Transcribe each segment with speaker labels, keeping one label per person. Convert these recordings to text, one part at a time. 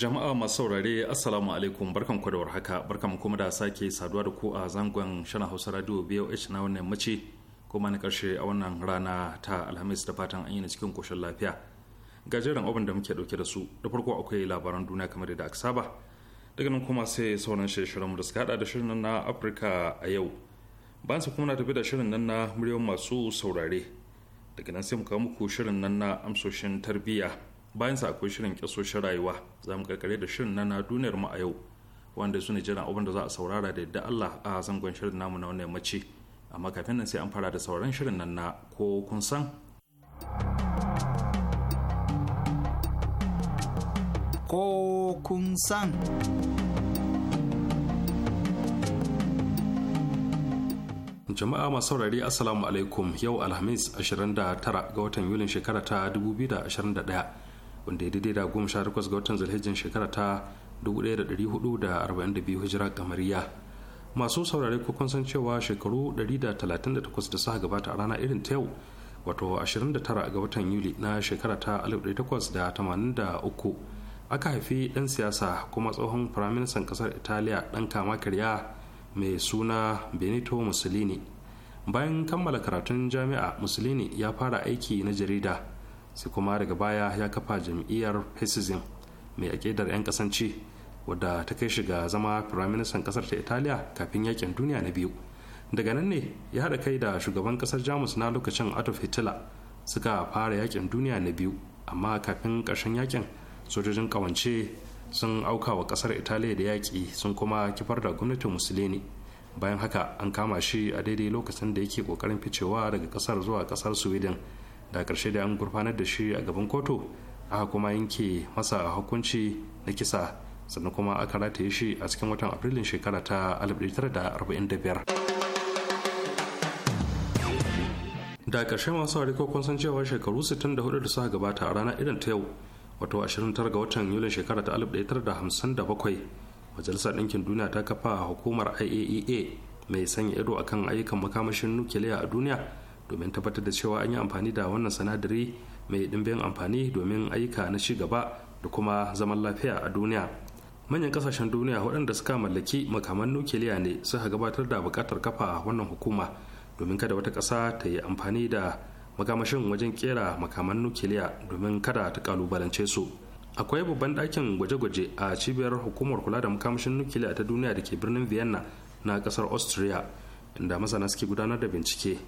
Speaker 1: jama'a masu saurare assalamu alaikum barkan ku da warhaka barkan kuma da sake saduwa da ku a zangon shana hausa radio boh na wannan mace kuma na karshe a wannan rana ta alhamis da fatan an yi na cikin koshin lafiya gajeren abin da muke dauke da su da farko akwai labaran duniya kamar da aka saba daga nan kuma sai sauran shirin mu da suka hada da shirin na afirka a yau bayan su kuma na tafi da shirin nan na muryoyin masu saurare daga nan sai mu kawo muku shirin nan na amsoshin tarbiyya bayan sa akwai shirin kyasoshin rayuwa za mu karkare da shirin na duniyar mu a yau wanda su ne jiran abin da za a saurara da yadda Allah a zangon shirin namu na wannan mace amma kafin nan sai an fara da sauran shirin nan na ko kun san
Speaker 2: ko kun san
Speaker 1: jama'a masu saurari assalamu alaikum yau alhamis 29 ga watan yulin shekara ta 2021 wanda ya daidai da goma sha takwas ga watan zulhijjin shekara ta 1442 hijira kamariya masu saurare ko kun san cewa shekaru 138 da suka gabata a rana irin ta yau wato 29 ga watan yuli na shekara ta 1883 aka haifi ɗan siyasa kuma tsohon firaministan ƙasar italiya ɗan kama karya mai suna benito mussolini bayan kammala karatun jami'a mussolini ya fara aiki na jarida sai kuma daga baya ya kafa jam'iyyar hesizin mai aƙidar 'yan kasance wadda ta kai shiga zama firaministan kasar ta italiya kafin yakin duniya na biyu daga nan ne ya haɗa kai da shugaban kasar jamus na lokacin adolf hitler suka fara yakin duniya na biyu amma kafin ƙarshen yakin sojojin ƙawance sun auka wa ƙasar italiya da yaƙi sun kuma kifar da gwamnatin musulini bayan haka an kama shi a daidai lokacin da yake ƙoƙarin ficewa daga ƙasar zuwa ƙasar sweden da ƙarshe da an gurfanar da shi a gaban kotu aka kuma yanke masa hukunci na kisa sannan kuma aka rataye shi a cikin watan afrilun shekara ta 1945 da ƙarshe masu hariko kun san cewa shekaru 64 da suka gabata a ranar irin ta yau wato 29 ga watan yulin shekara ta 1957 majalisar ɗinkin duniya ta kafa hukumar iaea e mai sanya ido akan ayyukan makamashin nukiliya a duniya domin tabbatar da cewa an yi amfani da wannan sanadari mai ɗimbin amfani domin ayyuka na ci gaba da kuma zaman lafiya a duniya manyan kasashen duniya waɗanda suka mallaki makaman nukiliya ne suka gabatar da buƙatar kafa wannan hukuma domin kada wata ƙasa ta yi amfani da makamashin wajen kera makaman nukiliya domin kada ta kalubalance su akwai babban ɗakin gwaje-gwaje a cibiyar hukumar kula da makamashin nukiliya ta duniya da ke birnin vienna na ƙasar austria inda masana suke gudanar da bincike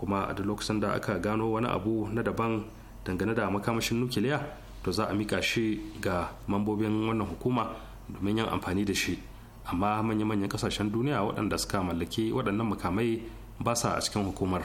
Speaker 1: kuma a duk lokacin da aka gano wani abu na daban dangane da makamashin nukiliya to za a mika shi ga mambobin wannan hukuma domin yin amfani da shi amma manya-manyan kasashen duniya waɗanda suka mallaki waɗannan makamai ba sa a cikin hukumar.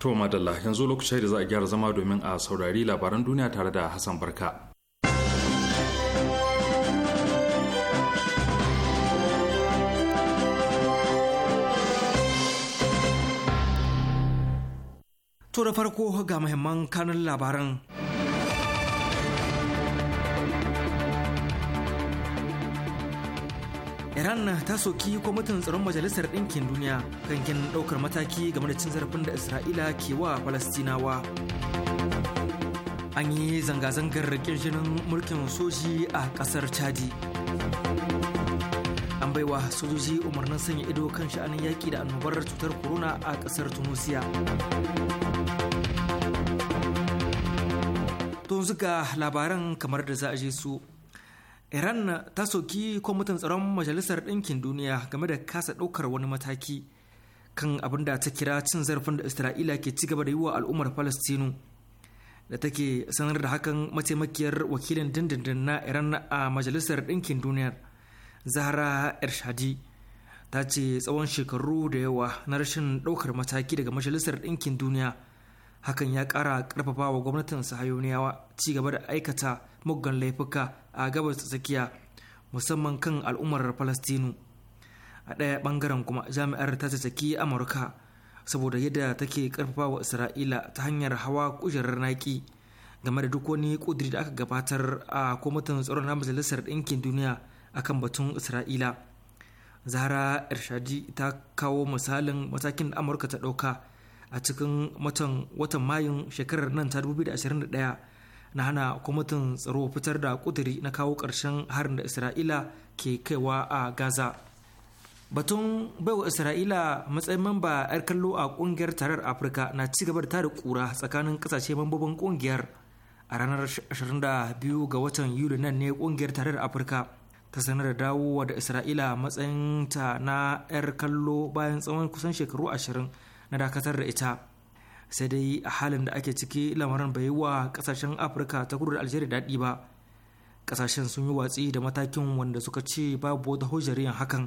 Speaker 1: To madalla yanzu lokacin da za a gyara zama domin a saurari labaran duniya tare da Hassan Barka.
Speaker 3: To da farko ga muhimman kanun labaran. iran ta soki kwamitin tsaron majalisar ɗinkin duniya kankin ɗaukar mataki game da cin zarafin da isra'ila ke wa falastinawa an yi zanga-zangar ƙirjinin mulkin soji a ƙasar chadi an baiwa sojoji umarnin sanya ido kan sha'anin yaƙi da annobar cutar corona a ƙasar tunisia to zuga labaran kamar da za a je su iran ta soki kwamitin tsaron majalisar ɗinkin duniya game da kasa ɗaukar wani mataki kan abin da ta kira cin zarafin da isra'ila ke ci gaba da yi wa al'ummar palestinu da take sanar da hakan mataimakiyar wakilin dindindin na iran a majalisar ɗinkin duniya zahra ershadi ta ce tsawon shekaru da yawa na rashin ɗaukar mataki daga majalisar ɗinkin duniya hakan ya kara karfafa wa gwamnatin sahayoniyawa ci gaba da aikata muggan laifuka a gabas ta tsakiya musamman kan al'ummar falastinu a ɗaya bangaren kuma jami'ar ta tsaki amurka saboda yadda take karfafa wa isra'ila ta hanyar hawa kujerar naki game da duk wani ƙudiri da aka gabatar a kwamitin tsaron na majalisar ɗinkin duniya a kan batun isra'ila zahra irshadi ta kawo misalin matakin da amurka ta ɗauka a cikin watan mayun shekarar nan ta 2021 na hana kwamitin tsaro fitar da kuduri na kawo ƙarshen harin da isra'ila ke kaiwa a gaza batun baiwa isra'ila matsayin mamba 'yar kallo a kungiyar tarar afirka na ci gaba da tara kura tsakanin kasashe mambobin kungiyar a ranar 22 ga watan yuli nan ne kungiyar tarar afirka ta sanar da dawowa da isra'ila matsayin ta na 'yar kallo bayan tsawon kusan shekaru ashirin na dakatar da ita sai dai a halin da ake ciki lamarin bai yi wa kasashen afirka ta kudu da algeria daɗi ba kasashen sun yi watsi da matakin wanda suka ce babu wata hujjar hakan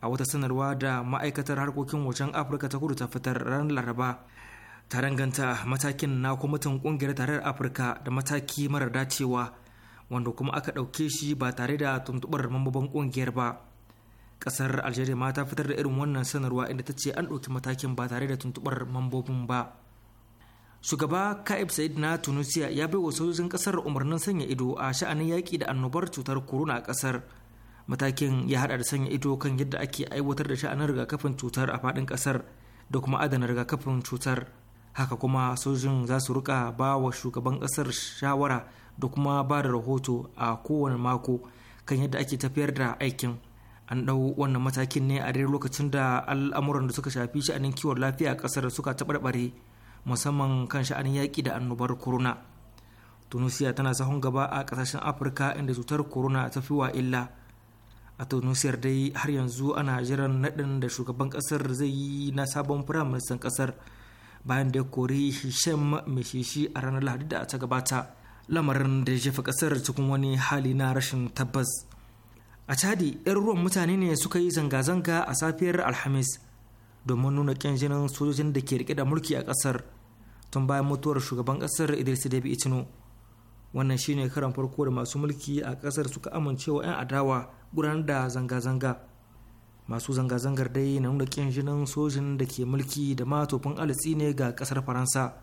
Speaker 3: a wata sanarwa da ma'aikatar harkokin wajen afirka ta kudu ta fitar ran laraba ta danganta matakin na kwamitin kungiyar tarayyar afirka da mataki mara dacewa wanda kuma aka ɗauke shi ba tare da tuntuɓar mambobin kungiyar ba kasar algeria ma ta fitar da irin wannan sanarwa inda ta ce an ɗauki matakin ba tare da tuntubar mambobin ba shugaba ka'ib said na tunisia ya bai wa sojojin kasar umarnin sanya ido a sha'anin yaƙi da annobar cutar corona a kasar matakin ya hada da sanya ido kan yadda ake aiwatar da sha'anin rigakafin cutar a faɗin kasar da kuma adana rigakafin cutar haka kuma sojojin za su rika ba wa shugaban kasar shawara da kuma ba da rahoto a kowane mako kan yadda ake tafiyar da aikin an ɗau wannan matakin ne a dare lokacin da al'amuran da suka shafi sha'anin kiwon lafiya a kasar suka taɓarɓare musamman kan sha'anin yaƙi da annobar corona tunisia tana sahun gaba a ƙasashen afirka inda cutar corona ta fi wa illa a tunisiyar dai har yanzu ana jiran naɗin da shugaban ƙasar zai yi na sabon firaministan ƙasar bayan da ya kori hisham mishishi a ranar lahadi da ta gabata lamarin da ya jefa ƙasar cikin wani hali na rashin tabbas a chadi 'yan ruwan mutane ne suka yi zanga-zanga a safiyar alhamis domin nuna ƙin jinin sojojin da ke rike da mulki a ƙasar tun bayan mutuwar shugaban ƙasar idris debi itino wannan shine karan farko da masu mulki a ƙasar suka amincewa 'yan adawa gudanar da zanga-zanga masu zanga-zangar dai na nuna ƙin jinin sojin da ke mulki da ma tofin alitsi ne ga ƙasar faransa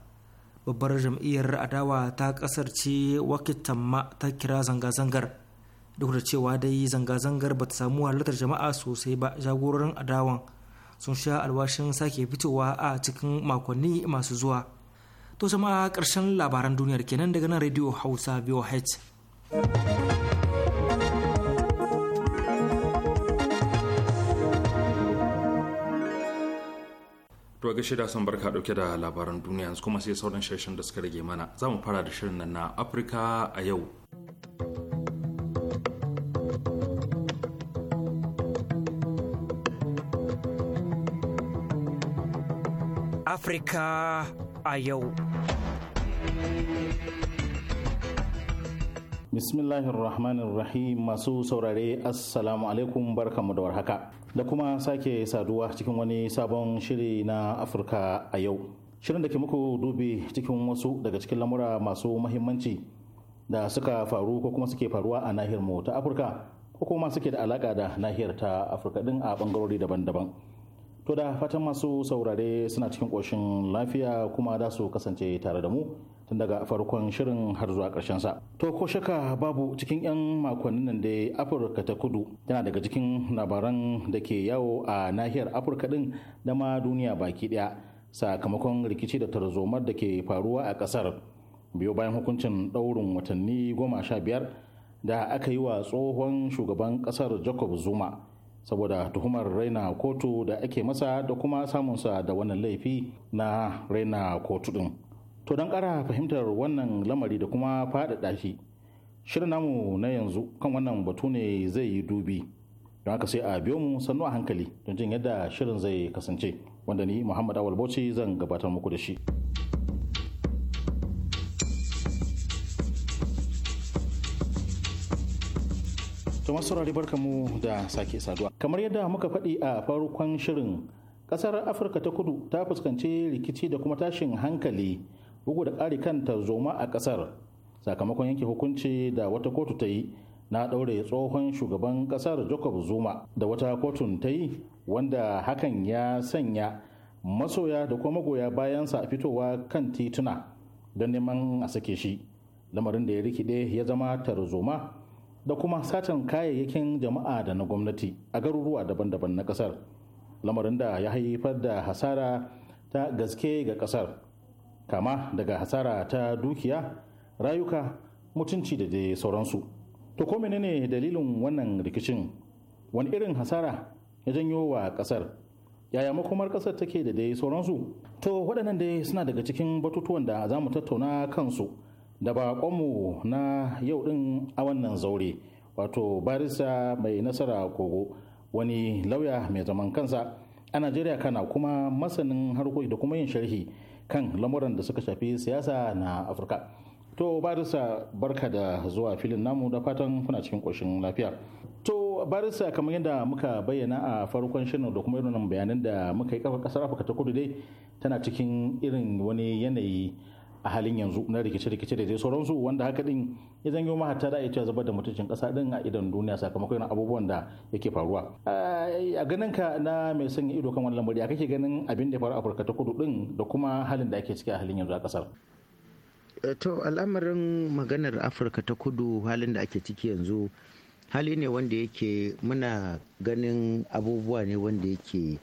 Speaker 3: babbar jam'iyyar adawa ta ƙasar ce wakitamma ta kira zanga-zangar duk da cewa dai zanga-zangar bata samu halartar jama'a sosai ba jagororin adawan sun sha alwashin sake fitowa a cikin makonni masu zuwa to jama'a karshen labaran duniyar kenan daga nan radio hausa voh
Speaker 1: To ga shida son barka dauke da labaran duniya kuma sai sauran shirin da suka rage mana. Za mu fara da shirin nan na Afirka a yau.
Speaker 3: Afrika a yau.
Speaker 4: Bismillahirrahmanirrahim masu saurare Assalamu alaikum barkamu da warhaka da kuma sake saduwa cikin wani sabon shiri na Afirka a yau. Shirin da ke muku dubi cikin wasu daga cikin lamura masu mahimmanci da suka faru ko kuma suke faruwa a nahiyar mu ta Afirka ko kuma suke da alaka da nahiyar ta Afirka din a bangarori daban-daban. To da fatan masu saurare suna cikin ƙoshin lafiya kuma da su kasance tare da mu tun daga farkon shirin har zuwa ƙarshen sa. To ko shaka babu cikin 'yan makonnin nan da Afirka ta kudu tana daga cikin labaran da ke yawo a nahiyar Afirka din da ma duniya baki ɗaya sakamakon rikici da tarzomar da ke faruwa a ƙasar. Biyo bayan hukuncin ɗaurin watanni goma sha biyar da aka yi wa tsohon shugaban ƙasar Jacob Zuma. saboda tuhumar raina kotu da ake masa da kuma samunsa da wannan laifi na raina kotu din to don kara fahimtar wannan lamari da kuma faɗaɗa shi shirin namu na yanzu kan wannan batu ne zai yi dubi don haka sai a biyo mu sannu a hankali don jin yadda shirin zai kasance wanda ni muhammad awal bauchi zan gabatar muku da shi. to masu saurari mu da sake saduwa kamar yadda muka faɗi a farkon shirin ƙasar afirka ta kudu ta fuskanci rikici da kuma tashin hankali bugu da ƙari kan tarzoma a ƙasar sakamakon yanke hukunci da wata kotu ta yi na ɗaure tsohon shugaban ƙasar jacob zuma da wata kotun ta yi wanda hakan ya sanya masoya da kuma magoya bayansa fitowa kan tituna don neman a sake shi lamarin da ya rikide ya zama tarzoma da kuma satan kayayyakin jama'a da na gwamnati a garuruwa daban-daban na kasar lamarin da ya haifar da hasara ta gaske ga kasar kama daga hasara ta dukiya rayuka mutunci da dai sauransu to ko menene dalilin wannan rikicin wani irin hasara ya janyo wa kasar yaya makomar kasar take da dai sauransu to waɗannan dai suna daga cikin batutuwan da za mu tattauna kansu da baƙonmu na yau din a wannan zaure wato barista mai nasara kogo wani lauya mai zaman kansa a najeriya kana kuma masanin harkoki da kuma yin sharhi kan lamuran da suka shafi siyasa na afirka to barisa barka da zuwa filin namu da fatan kuna cikin ƙoshin lafiya to barisa kamar yadda muka bayyana a farkon shirin da kuma irin bayanan da muka yi kafa kasar afirka ta kudu dai tana cikin irin wani yanayi a halin yanzu na rikice-rikice da dai sauransu wanda haka din ya zanyo ma hatta da ya zubar da mutuncin kasa din a idan duniya sakamakon abubuwan da yake faruwa a ganin ka na mai sanya ido kan wannan lamari a kake ganin abin da ya faru afirka ta kudu din da kuma halin da ake ciki a halin yanzu a kasar
Speaker 5: eh, to al'amarin maganar afirka ta kudu halin da ake ciki yanzu hali ne wanda yake muna ganin abubuwa ne wanda yake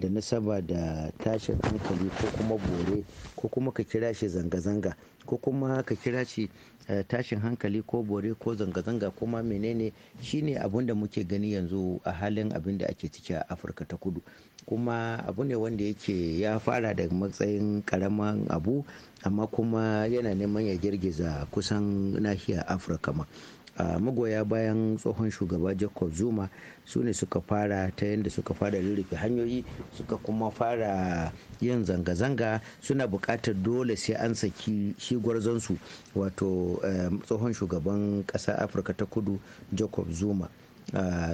Speaker 5: da nasaba da tashin hankali ko kuma bore ko kuma ka kira shi zanga-zanga ko kuma ka kira shi eh, tashin hankali ko bore ko zanga-zanga ko ma menene shine abin da muke gani yanzu a halin abin da ake ciki a afirka ta kudu kuma abu ne wanda yake ya fara da matsayin karaman abu amma kuma yana neman ya girgiza kusan nahiyar afirka ma a magoya bayan tsohon shugaba jacob zuma su ne suka fara ta yadda suka fara rurrufe hanyoyi suka kuma fara yin zanga-zanga suna buƙatar dole sai an saki shi gwarzonsu wato eh, tsohon shugaban ƙasa afirka ta kudu jacob zuma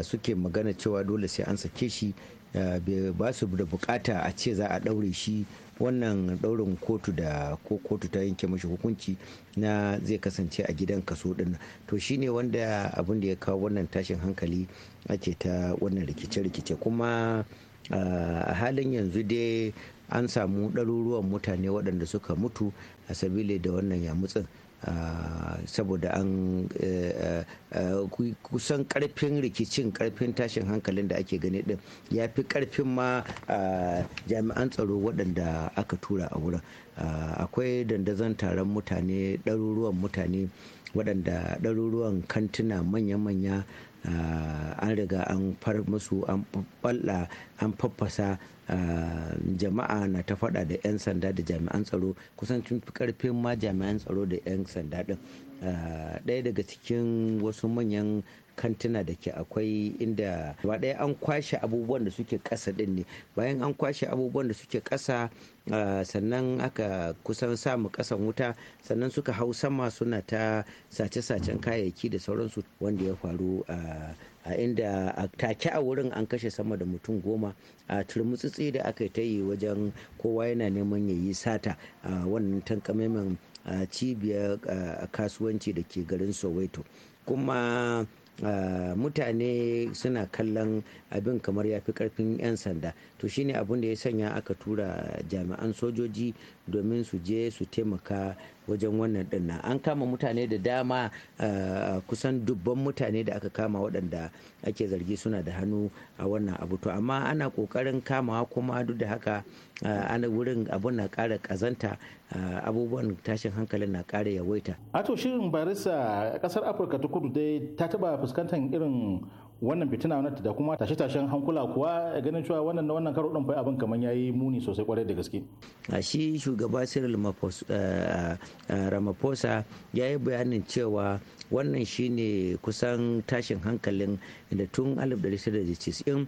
Speaker 5: suke magana cewa dole sai an sake shi eh, ba su da bukata a ce za a ɗaure shi wannan ɗaurin kotu da ko kotu ta yanke mashi hukunci na zai kasance a gidan kaso din to shine wanda abin da ya kawo wannan tashin hankali ake ta wannan rikice-rikice kuma a halin yanzu dai an samu ɗaruruwan mutane waɗanda suka mutu a sabili da wannan yamutsin Ah, saboda an eh, eh, eh, kusan karfin rikicin ƙarfin tashin hankalin da ake gani din ya fi karfin ma ah, jami'an tsaro waɗanda aka tura a wurin ah, akwai dandazon taron mutane ɗaruruwan mutane waɗanda ɗaruruwan kantuna manya-manya an riga an far musu an ɓalla an faffasa jama'a na ta faɗa da 'yan sanda da jami'an tsaro kusan tun karfin ma jami'an tsaro da 'yan sanda ɗin ɗaya daga cikin wasu manyan kantuna da ke akwai inda ba ɗaya an kwashe abubuwan da suke ƙasa ɗin ne bayan an kwashe abubuwan da suke ƙasa sannan aka kusan samu kasan wuta sannan suka hau sama suna ta sace-sacen kayayyaki da sauransu wanda ya faru a inda a take a wurin an kashe sama da mutum goma a turmutsitsi da aka ta yi wajen kowa yana neman ya yi sata a wannan tankamaiman cibiyar kasuwanci da ke garin soweto kuma Eh, mutane suna kallon abin kamar ya fi karfin 'yan sanda to shine abin da ya sanya aka tura jami'an sojoji domin su je su taimaka wajen wannan din nan an kama mutane da dama eh, kusan dubban mutane da aka kama waɗanda ake zargi suna da hannu a wannan abu to amma ana kokarin kamawa kuma duk da haka eh, ana wurin abun na ƙara ƙazanta eh, abubuwan tashin hankalin na ƙara yawaita.
Speaker 4: to shirin barisa ƙasar afirka ta kudu dai ta taɓa fuskantar irin wannan fitina wannan da kuma tashe-tashen hankula kuwa ganin cewa wannan na wannan karo din fai abin kamar yayi muni sosai kwarai da gaske a shi shugaba Cyril
Speaker 5: Ramaphosa eh, eh, ya yi bayanin cewa wannan shine kusan tashin hankalin da tun 1990 eh,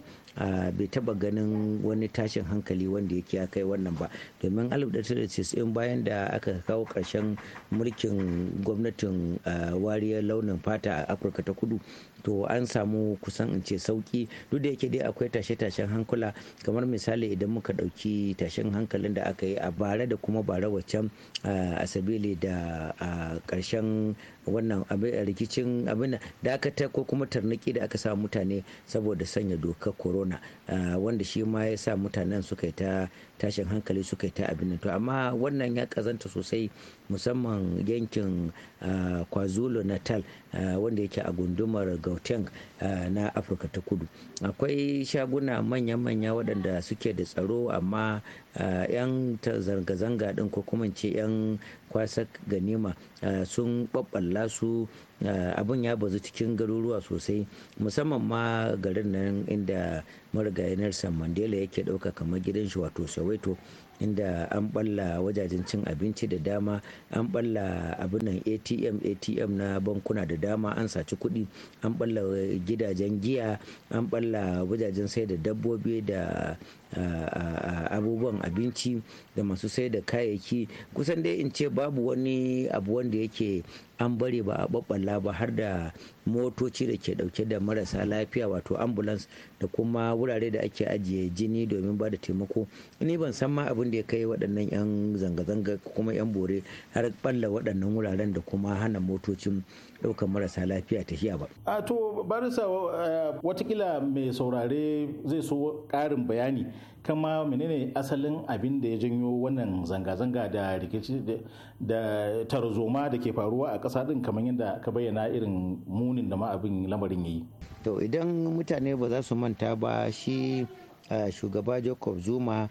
Speaker 5: bai taba ganin wani tashin hankali wanda yake ya kai wannan ba domin 1990 bayan da aka kawo karshen mulkin gwamnatin wariyar launin fata a afirka ta kudu to an samu kusan in ce sauƙi duk da yake dai akwai tashe-tashen hankula kamar misali idan muka ɗauki tashen hankalin da aka yi a bara da kuma bara waccan a sabili da a ƙarshen wannan rikicin abin da aka ko kuma tarnaki da aka sa mutane saboda sanya dokar corona wanda shi ma ya sa mutanen suka yi ta tashin hankali suka yi ta abin nan to amma wannan ya kazanta sosai musamman yankin ah, kwazulu natal ah, wanda yake a gundumar gauteng ah, na afirka ta kudu akwai shaguna manya-manya waɗanda suke da tsaro amma 'yan zanga-zanga din ko kuma ce 'yan kwasak ganima sun ɓaɓɓalla su abin ya bazu cikin garuruwa sosai musamman ma garin nan inda marigayi san mandela yake ɗauka kamar gidan shi wato soweto inda an balla wajajen cin abinci da dama an balla abinan atm atm na bankuna da dama an saci kuɗi an balla gidajen giya an balla wajajen sai da dabbobi da abubuwan abinci da masu sai da kayayyaki kusan dai in ce babu wani abu wanda yake an bare ba a babbala ba har da motoci da ke dauke da marasa lafiya wato ambulance da kuma wurare da ake ajiye jini domin ba da taimako ni ban san ma abin da ya kai waɗannan 'yan zanga-zanga kuma 'yan bore har balla waɗannan wuraren da kuma hana motocin ɗaukar marasa lafiya tafiya ba.
Speaker 4: a to barisa eh, watakila mai saurare zai so ƙarin bayani kama menene asalin abin da ya janyo wannan zanga-zanga da rikici da tarzoma da ke faruwa a ƙasa din kamar yadda ka bayyana irin
Speaker 5: munin da ma abin lamarin yi. to idan mutane ba za su manta ba shi shugaba jacob zuma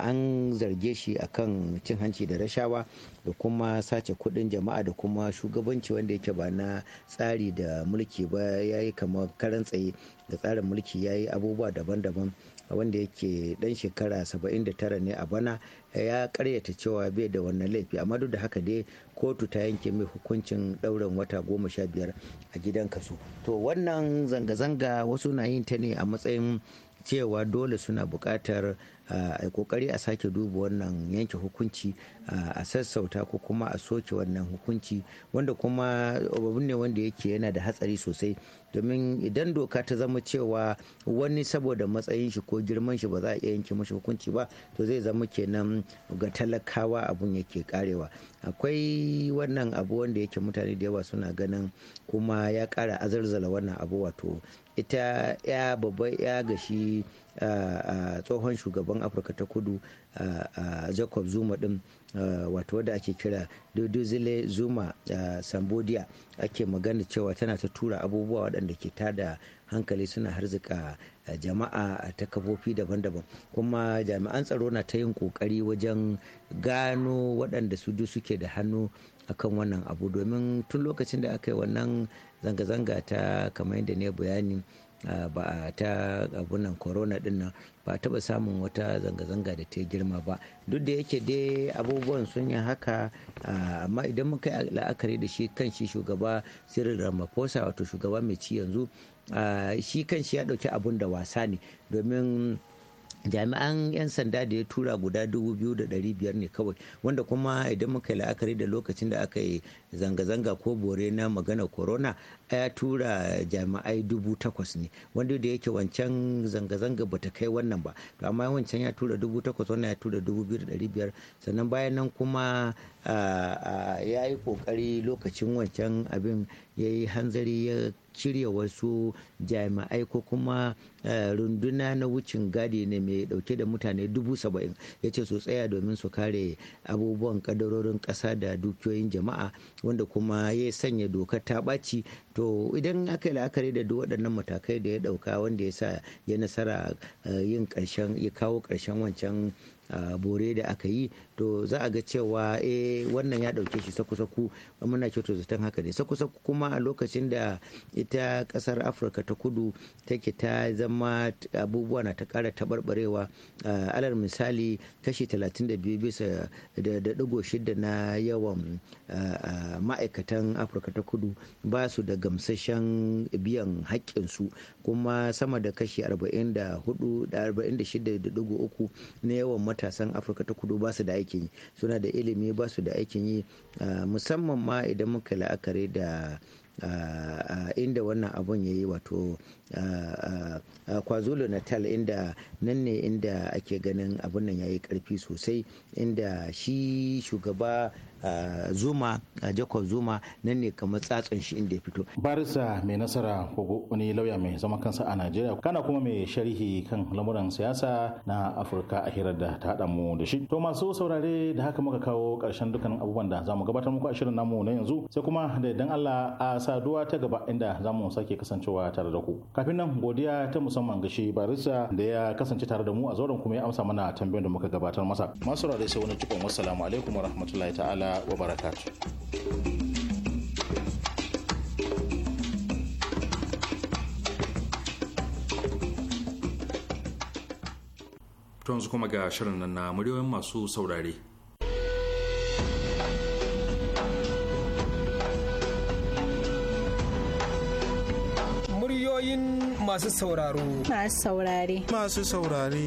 Speaker 5: an zarge shi a kan cin hanci da rashawa da kuma sace kudin jama'a da kuma shugabanci wanda yake ba na tsari da mulki ba ya yi kamar karan tsaye da tsarin mulki ya yi abubuwa daban-daban wanda yake dan shekara 79 ne a bana ya karyata cewa bai da wannan laifi amma duk da haka dai kotu ta yanke mai hukuncin ɗaurin wata goma sha biyar a gidan kasu to wannan zanga-zanga wasu na yin ta ne a matsayin cewa dole suna buƙatar a ah, kokari a sake duba wannan yanke hukunci ah, a sassauta ko kuma a soke wannan hukunci wanda kuma abu ne wanda yake yana da hatsari sosai domin idan doka ta zama cewa wani saboda matsayin shi ko girman shi ba za a iya yanke mashi hukunci ba to zai zama kenan ga talakawa abun yake karewa akwai wannan abu wanda yake mutane da yawa suna ganin kuma ya ƙara azarzala wannan abu wato ita ya babban ya gashi tsohon shugaban afirka ta kudu jacob zuma din wato wadda ake kira duduzile zuma sambodia ake magana cewa tana ta tura abubuwa waɗanda ke tada hankali suna harzika jama'a ta kafofi daban-daban kuma jami'an tsaro na ta yin ƙoƙari wajen gano waɗanda su suke da hannu akan wannan abu domin tun lokacin da aka yi wannan zanga-zanga ta kamar yadda ne bayani ba a ta abunan corona din nan ba a taba samun wata zanga-zanga da ta girma ba duk da yake dai abubuwan sun yi haka amma idan muka yi la'akari da shi kan shi shugaba sirrin ramaphosa wato shugaba mai ci yanzu shi kan shi ya dauki abun da wasa ne domin jami'an 'yan sanda da ya tura guda 2,500 ne kawai wanda kuma idan muka yi la'akari da lokacin da aka yi zanga-zanga ko bore na magana corona ya tura jami'ai dubu takwas ne wanda da yake wancan zanga-zanga ba ta kai wannan ba to amma wancan ya tura dubu takwas wannan ya tura dubu biyu da ɗari biyar sannan bayan nan kuma ya yi ƙoƙari lokacin wancan abin ya yi hanzari ya cire wasu jami'ai ko kuma runduna na wucin gadi ne mai dauke da mutane dubu saba'in ya ce su tsaya domin su kare abubuwan kadarorin ƙasa da dukiyoyin jama'a wanda kuma ya sanya dokar ta ɓaci to idan aka yi la'akari da duk waɗannan matakai da ya ɗauka wanda ya sa ya nasara eh, yin ƙarshen ya kawo ƙarshen wancan bore da aka yi to za a ga cewa eh wannan ya ɗauke shi saku-saku muna kyoto zaton haka ne saku kuma a lokacin da ita ƙasar afirka ta kudu take ta zama abubuwa na ta ƙara taɓarɓarewa alal misali kashi 32 bisa da ɗigo shida na yawan ma'aikatan afirka ta kudu ba su da gamsashen biyan haƙƙinsu kuma sama da kashi 44 da 46.3 na yawan matasan afirka ta kudu ba su da aikin yi suna da ilimi ba su da aikin yi ah, musamman ma idan muka la'akari da ah, ah, inda wannan abun ya yi wato kwazulu natal inda nan ne inda ake ganin abun nan ya yi karfi sosai inda shi shugaba Eh, zuma eh, zuma nan ne kamar tsatsan shi inda ya fito
Speaker 4: barisa mai nasara kogo wani lauya mai zama kansa a najeriya kana kuma mai sharhi kan lamuran siyasa na afirka a hirar da ta haɗa mu da shi to masu saurare da haka muka kawo ƙarshen dukkanin abubuwan da zamu gabatar muku a shirin namu na yanzu sai kuma da idan allah a saduwa ta gaba inda zamu sake kasancewa tare da ku kafin nan godiya ta musamman ga shi barisa da ya kasance tare da mu a zauren kuma ya amsa mana tambayoyin da muka gabatar masa masu saurare sai wani cikon wassalamu alaikum warahmatullahi ta'ala ta'ala
Speaker 1: wa kuma ga shirin nan na muryoyin masu saurare.
Speaker 6: Muryoyin masu sauraro.
Speaker 7: Masu saurare. Masu
Speaker 3: saurare.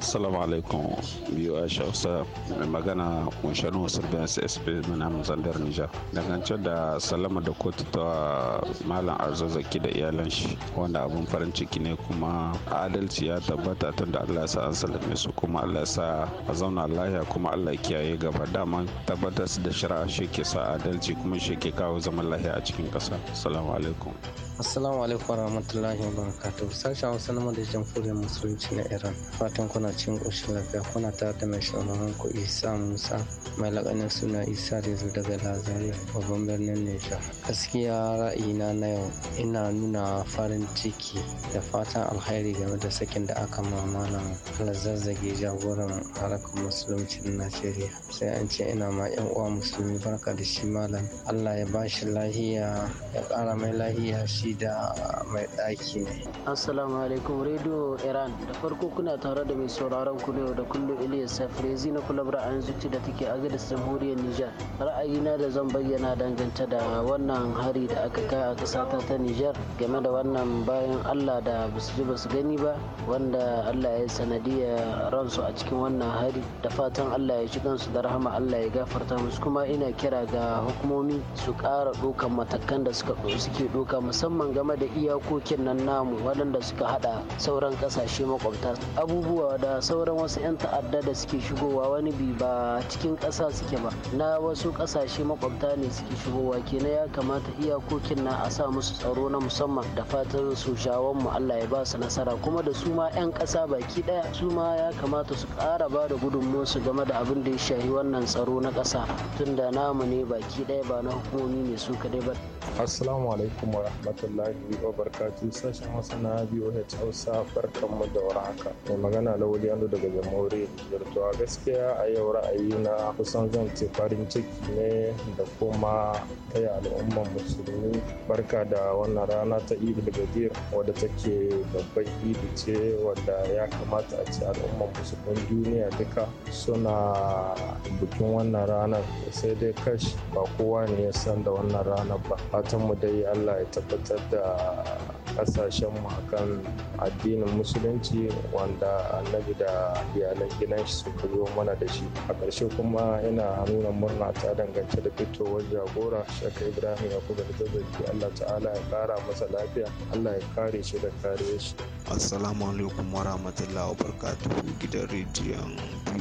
Speaker 6: Assalamu alaikum biyu a shausa mai magana kunshen wasu bayan csp mana zandar nijar dangance da salama da kotu ta malam arzazzaki da iyalan shi wanda abun farin ciki ne kuma adalci ya tabbata tun da allah sa an salame su kuma allah sa a zauna lahiya kuma allah kiyaye gaba dama tabbatar da shari'a shi ke sa adalci kuma shi ke kawo zaman lahiya a cikin ƙasa assalamu alaikum
Speaker 7: Assalamu alaikum warahmatullahi wabarakatuh. Sashen Hausa na jan furen Musulunci na Iran. Fatan kuna cin ƙoshin lafiya kuna tare da mai shawarar ku Isa Musa mai lakanin suna Isa da daga Lazare babban birnin Nijar. Gaskiya ra'ayina na yau ina nuna farin ciki da fatan alkhairi game da sakin da aka mamana malam zazzage jagoran harakar musulunci na Najeriya. Sai an ce ina ma 'yan uwa musulmi barka da shi malam. Allah ya bashi lahiya ya ƙara mai lahiya shi shi da mai ɗaki ne. Assalamu alaikum Radio Iran da farko kuna tare da mai sauraron ku da kullum Ilyas Safrezi na kulabar ra'ayin zuci da take agada jamhuriyar Nijar. Ra'ayina da zan bayyana dangance da wannan hari da aka kai a ƙasata ta Nijar game da wannan bayan Allah da basu ji basu gani ba wanda Allah ya sanadiya ransu a cikin wannan hari da fatan Allah ya ci kansu da rahama Allah ya gafarta musu kuma ina kira ga hukumomi su ƙara ɗaukan matakan da suka suke ɗoka musamman musamman game da iyakokin nan namu waɗanda suka hada sauran ƙasashe makwabta abubuwa da sauran wasu 'yan ta'adda da suke shigowa wani bi ba cikin ƙasa suke ba na wasu ƙasashe makwabta ne suke shigowa kenan ya kamata iyakokin na a sa musu tsaro na musamman da fatan su shawon mu Allah ya ba su nasara kuma da su ma 'yan ƙasa baki ɗaya su ma ya kamata su ƙara ba da su game da abin da ya shahi wannan tsaro na ƙasa tunda namu ne baki ɗaya ba na hukumomi ne su kadai ba.
Speaker 6: Assalamu alaikum wa rahmatullahi wa barkatu sashen Hausa na BOH Hausa barkanmu da warhaka. Mai magana wuri yanzu daga jamhuri Nijar. To a gaskiya a yau ra'ayi na kusan zan ce farin ciki
Speaker 1: ne da kuma taya al'umman musulmi barka da wannan rana ta daga Gadir wadda take babban idi ce wadda ya kamata a ce
Speaker 6: al'umman musulmin duniya duka suna bikin wannan ranar sai dai kash ba kowa ne ya san da wannan ranar ba. fatan mu dai Allah ya tabbatar da kasashen mu akan addinin musulunci wanda annabi da iyalan gidan shi suka zo mana da shi a ƙarshe kuma ina nuna murna ta dangance da fitowar jagora shaka ibrahim kuma da zazzaki Allah ta'ala ya ƙara masa lafiya Allah ya kare shi da kare shi assalamu alaikum warahmatullahi wabarakatuh gidan rediyon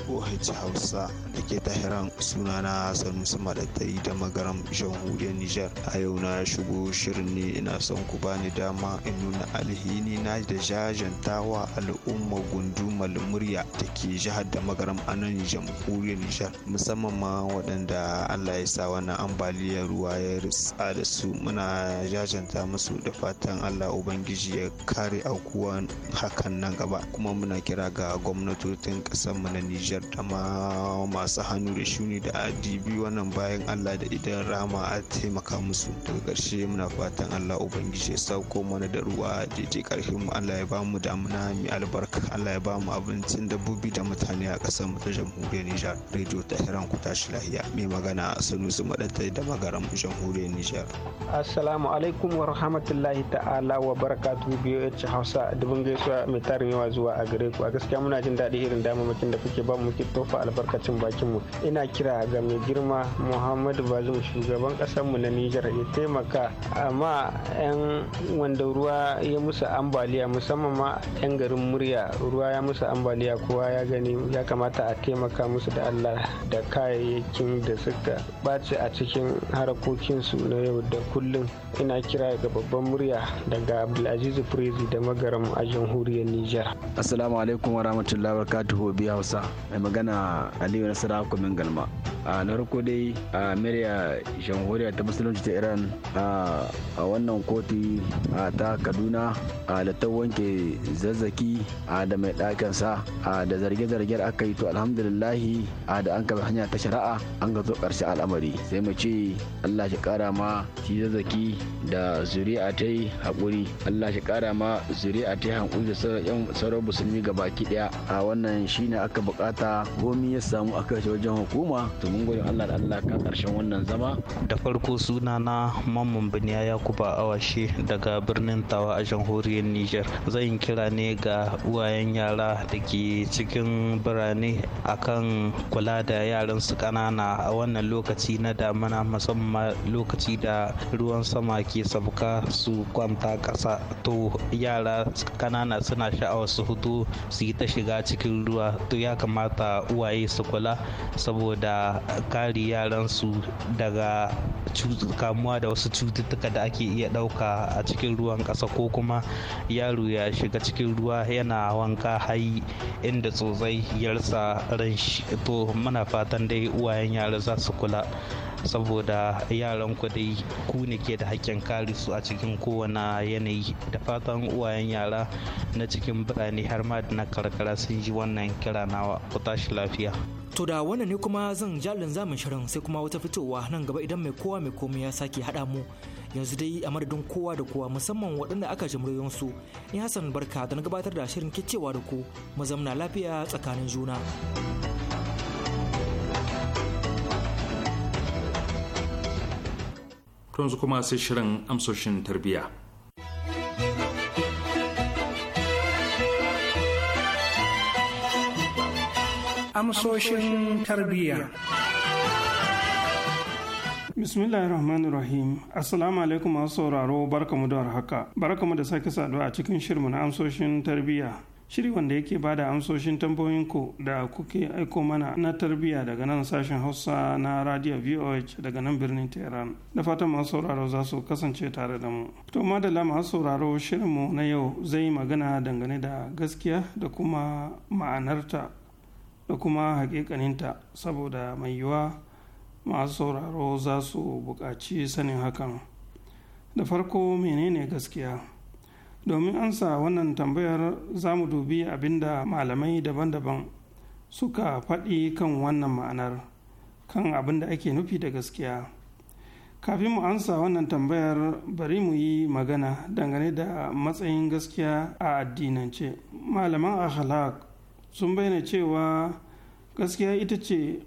Speaker 6: boh hausa da ke tahiran sunana hassan musamman da ta yi da magaram jamhuriyar niger a yau na shigo shirin ne ina son ku bani dama in nuna alhini na da jajantawa al'umma gunduma murya da ke jihar da magaram a nan jamhuriyar nijar musamman ma waɗanda allah ya sa wannan ambaliyar ruwa ya ritsa da su muna jajanta musu da fatan allah ubangiji ya kare aukuwan hakan nan gaba kuma muna kira ga gwamnatocin mu na nijar da ma masu hannu da shuni da adibi wannan bayan allah da idan rama a taimaka musu daga ƙarshe muna fatan allah ubangiji ya sauko mana da ruwa daidai ƙarfin mu allah ya ba mu damuna mai albarka allah ya ba mu abincin dabbobi da mutane a ƙasar mu ta jamhuriyar nijar rediyo ta hiran ku tashi lahiya mai magana sanusi maɗatai da magaran jamhuriyar nijar. assalamu alaikum wa rahmatullahi ta'ala wa barakatu biyu hausa dubin gaisuwa mai tarin yawa zuwa a gare ku a gaskiya muna jin daɗi irin damamakin da kuke ba mu tofa albarkacin bakin mu ina kira ga mai girma muhammadu bazum shugaban ƙasar mu na nijar ya taimaka amma 'yan wanda ruwa ya musu ambaliya musamman ma 'yan garin murya ruwa ya musu ambaliya kowa ya gani ya kamata a taimaka musu da allah da kayayyakin da suka ɓace a cikin harakokinsu na yau da kullum ina kira ga babban murya daga abdulaziz prezi da magaram a jamhuriyar nijar assalamu alaikum wa rahmatullahi wa biya hausa mai magana aliyu nasara kumin galma ah, a narko dai a ah, murya jamhuriyar ta musulunci ta iran a wannan koti ta kaduna a da ta wanke zazzaki a da mai ɗakinsa a da zarge-zargen aka yi to alhamdulillahi a da an kaba hanya ta shari'a an ga zo ƙarshe al'amari sai mu ce allah shi ƙara ma shi zazzaki da zuri'a ta yi haƙuri allah shi ƙara ma zuri'a ta yi haƙuri da sauran musulmi ga baki ɗaya a wannan shine aka buƙata komi ya samu aka wajen hukuma to mun gode allah da allah ka ƙarshen wannan zama
Speaker 2: da farko suna na mamman biniya yakuba awashi daga birnin tawa a jamhuriyar nijar zan yi kira ne ga uwayen yara da ke cikin birane a kan kula da yaran su kanana a wannan lokaci na damina musamman lokaci da ruwan sama ke sauka su kwanta ƙasa to yara kanana suna sha'awar su fito su yi ta shiga cikin ruwa to ya kamata uwaye su kula saboda kare yaransu daga kamuwa da wasu cututtuka da ake iya ɗauka a cikin ruwan ƙasa ko kuma yaro ya shiga cikin ruwa yana wanka har inda tsotsai ya rasa ran shi to muna fatan dai uwayen yara za su kula saboda yaran ku dai ku ne ke da hakkin kare su a cikin kowane yanayi da fatan uwayen yara na cikin birane har ma da na karkara sun ji wannan kira nawa ku tashi lafiya
Speaker 3: To da wannan ne kuma zan jalin zamin shirin sai kuma wata fitowa nan gaba idan mai kowa mai komai ya sake hada mu yanzu dai a madadin kowa da kowa musamman waɗanda aka jimriyon su ni Hassan Barka da na gabatar da shirin kicewa da ku mu zamna lafiya tsakanin juna.
Speaker 1: to yanzu kuma sai shirin amsoshin tarbiyya
Speaker 8: amsoshin tarbiyya rahim Assalamu alaikum masu sauraro barkamu da warhaka. Barkamu da sake saduwa a cikin shirmu na amsoshin tarbiyya. shiri wanda yake ba da amsoshin ku da kuke aiko mana na tarbiyya daga nan sashen hausa na radio voh daga nan birnin tehran da fatan masu sauraro za su kasance tare da mu to madalla masu sauraro shirinmu na yau zai yi magana dangane da gaskiya da kuma ma'anarta da kuma hakikaninta saboda mai yiwa masu sauraro za su buƙaci sanin hakan da farko menene gaskiya domin ansa wannan tambayar za mu dubi abinda malamai daban-daban suka faɗi kan wannan ma'anar kan abin da ake nufi da gaskiya kafin mu ansa wannan tambayar bari mu yi magana dangane da matsayin gaskiya a addinance malaman akhlaq sun bayyana cewa gaskiya ita ce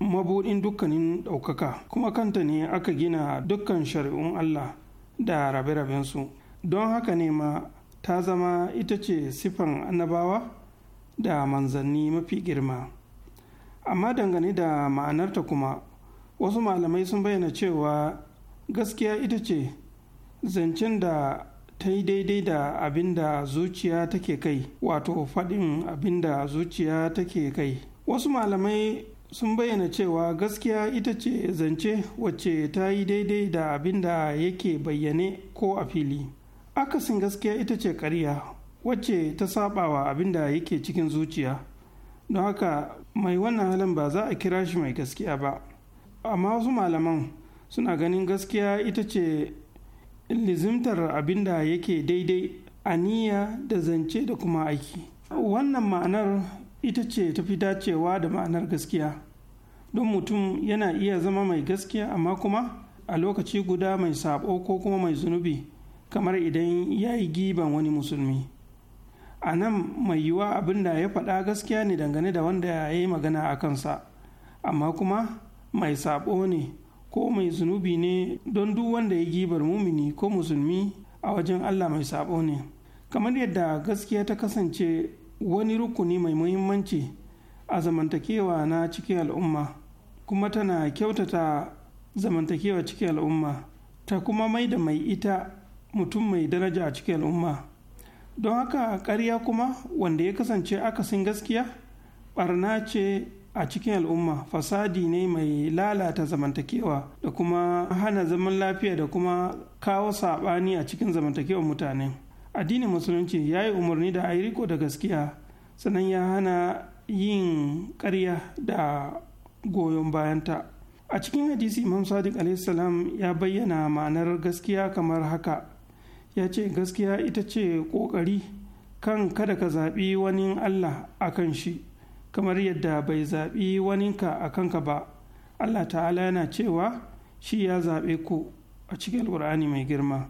Speaker 8: mabuɗin dukkanin ɗaukaka kuma kanta ne aka gina dukkan shari'un allah da rabe-rabensu don haka ne ma ta zama ita ce siffan annabawa da manzanni mafi girma amma dangane da ma'anarta kuma wasu malamai sun bayyana cewa gaskiya ita ce zancen da ta yi daidai da abin da zuciya take kai wato faɗin abin da zuciya take kai wasu malamai sun bayyana cewa gaskiya ita ce zance wacce ta yi daidai da abin da yake bayyane ko a fili akasin gaskiya ita ce ƙarya wacce ta sabawa abin da yake cikin zuciya don haka mai wannan halin ba za a kira shi mai gaskiya ba amma wasu malaman suna ganin gaskiya ita ce lizimtar abin da yake daidai aniya da zance da kuma aiki wannan ma'anar ita ce tafi dacewa da ma'anar gaskiya don mutum yana iya zama mai gaskiya amma kuma a lokaci guda mai saɓo ko kuma mai zunubi kamar idan ya yi giban wani musulmi a nan mai yiwuwa abin da ya faɗa gaskiya ne dangane da wanda ya yi magana a kansa amma kuma mai saɓo ne ko mai zunubi ne don duk wanda ya gibar mumini ko musulmi a wajen allah mai saɓo ne kamar yadda gaskiya ta kasance wani rukuni mai muhimmanci a zamantakewa na cikin al'umma kuma tana kyautata zamantakewa cikin al'umma ta kuma mai da mai ita mutum mai daraja a cikin al'umma don haka karya kuma wanda ya kasance akasin gaskiya barna ce a cikin al'umma fasadi ne mai lalata zamantakewa da kuma hana zaman lafiya da kuma kawo saɓani a cikin zamantakewar mutane addinin musulunci ya yi umarni da a riko da gaskiya sannan ya hana yin karya da goyon bayanta a cikin hadisi imam sadiq a.s. ya bayyana ma'anar gaskiya kamar haka ya ce gaskiya ita ce ƙoƙari kan kada ka zaɓi wani allah a kan shi kamar yadda bai zaɓi wani ka a kanka ba allah ta'ala yana cewa shi ya zaɓe ku a cikin alƙur'ani mai girma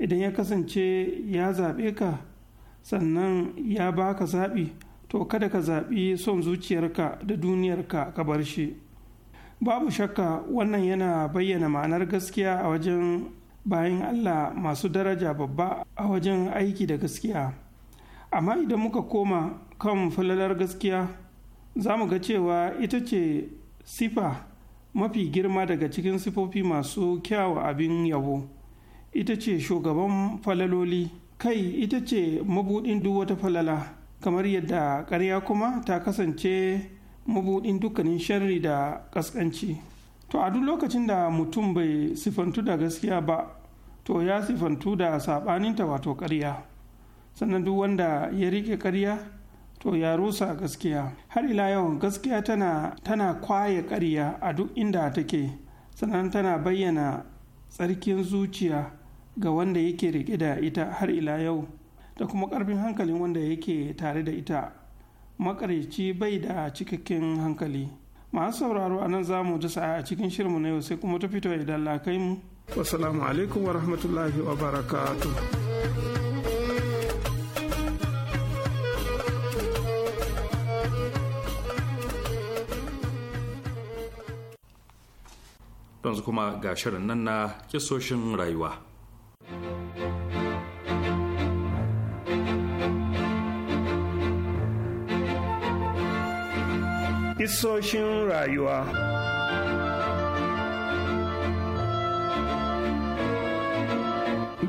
Speaker 8: idan ya kasance ya zaɓe ka sannan ya baka zaɓi to kada ka zaɓi son zuciyarka da duniyarka ka bar shi babu shakka wannan yana bayyana ma'anar gaskiya a wajen bayan Allah masu daraja babba a wajen aiki da gaskiya amma idan muka koma kan falalar gaskiya za mu ga cewa ita ce sifa mafi girma daga cikin sifofi masu kyawa abin yabo ita ce shugaban falaloli kai ita ce mabudin duk wata falala kamar yadda ƙarya kuma ta kasance mabudin dukkanin sharri da ƙasƙanci to a duk lokacin da mutum bai sifantu da gaskiya ba to ya sifantu da saɓaninta wato ƙarya sannan duk wanda ya rike ƙarya to ya rusa gaskiya har ila yau gaskiya tana tana kwaye ƙarya a duk inda take sannan tana bayyana tsarkin zuciya ga wanda yake riƙe da ita har ila yau da kuma ƙarfin hankalin wanda yake tare da ita makarici bai da cikakken hankali masu sauraro a nan za mu dasa a cikin shirinmu na yau sai kuma ta fito idan lakai mu wasalamu alaikum wa rahmatullahi wa barakatu.
Speaker 1: yanzu kuma ga shirin nan na kisoshin rayuwa.
Speaker 8: Kisoshin rayuwa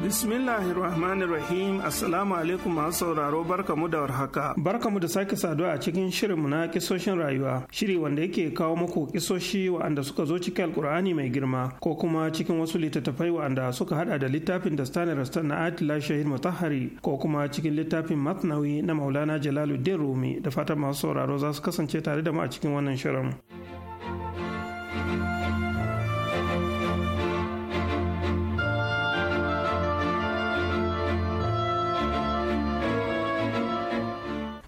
Speaker 8: rahim Assalamu alaikum masu sauraro barkamu da warhaka. Barkamu da sake saduwa a cikin shirinmu na kisoshin rayuwa, shiri wanda yake kawo muku kisoshi wa'anda suka zo cikin Alkur'ani mai girma ko kuma cikin wasu littattafai wa'anda suka hada da littafin da Stanley Rastan na Atila Shahid Mutahari ko kuma cikin littafin Matnawi na Maulana Jalaluddin Rumi da fatan masu sauraro za su kasance tare da mu a cikin wannan shirin.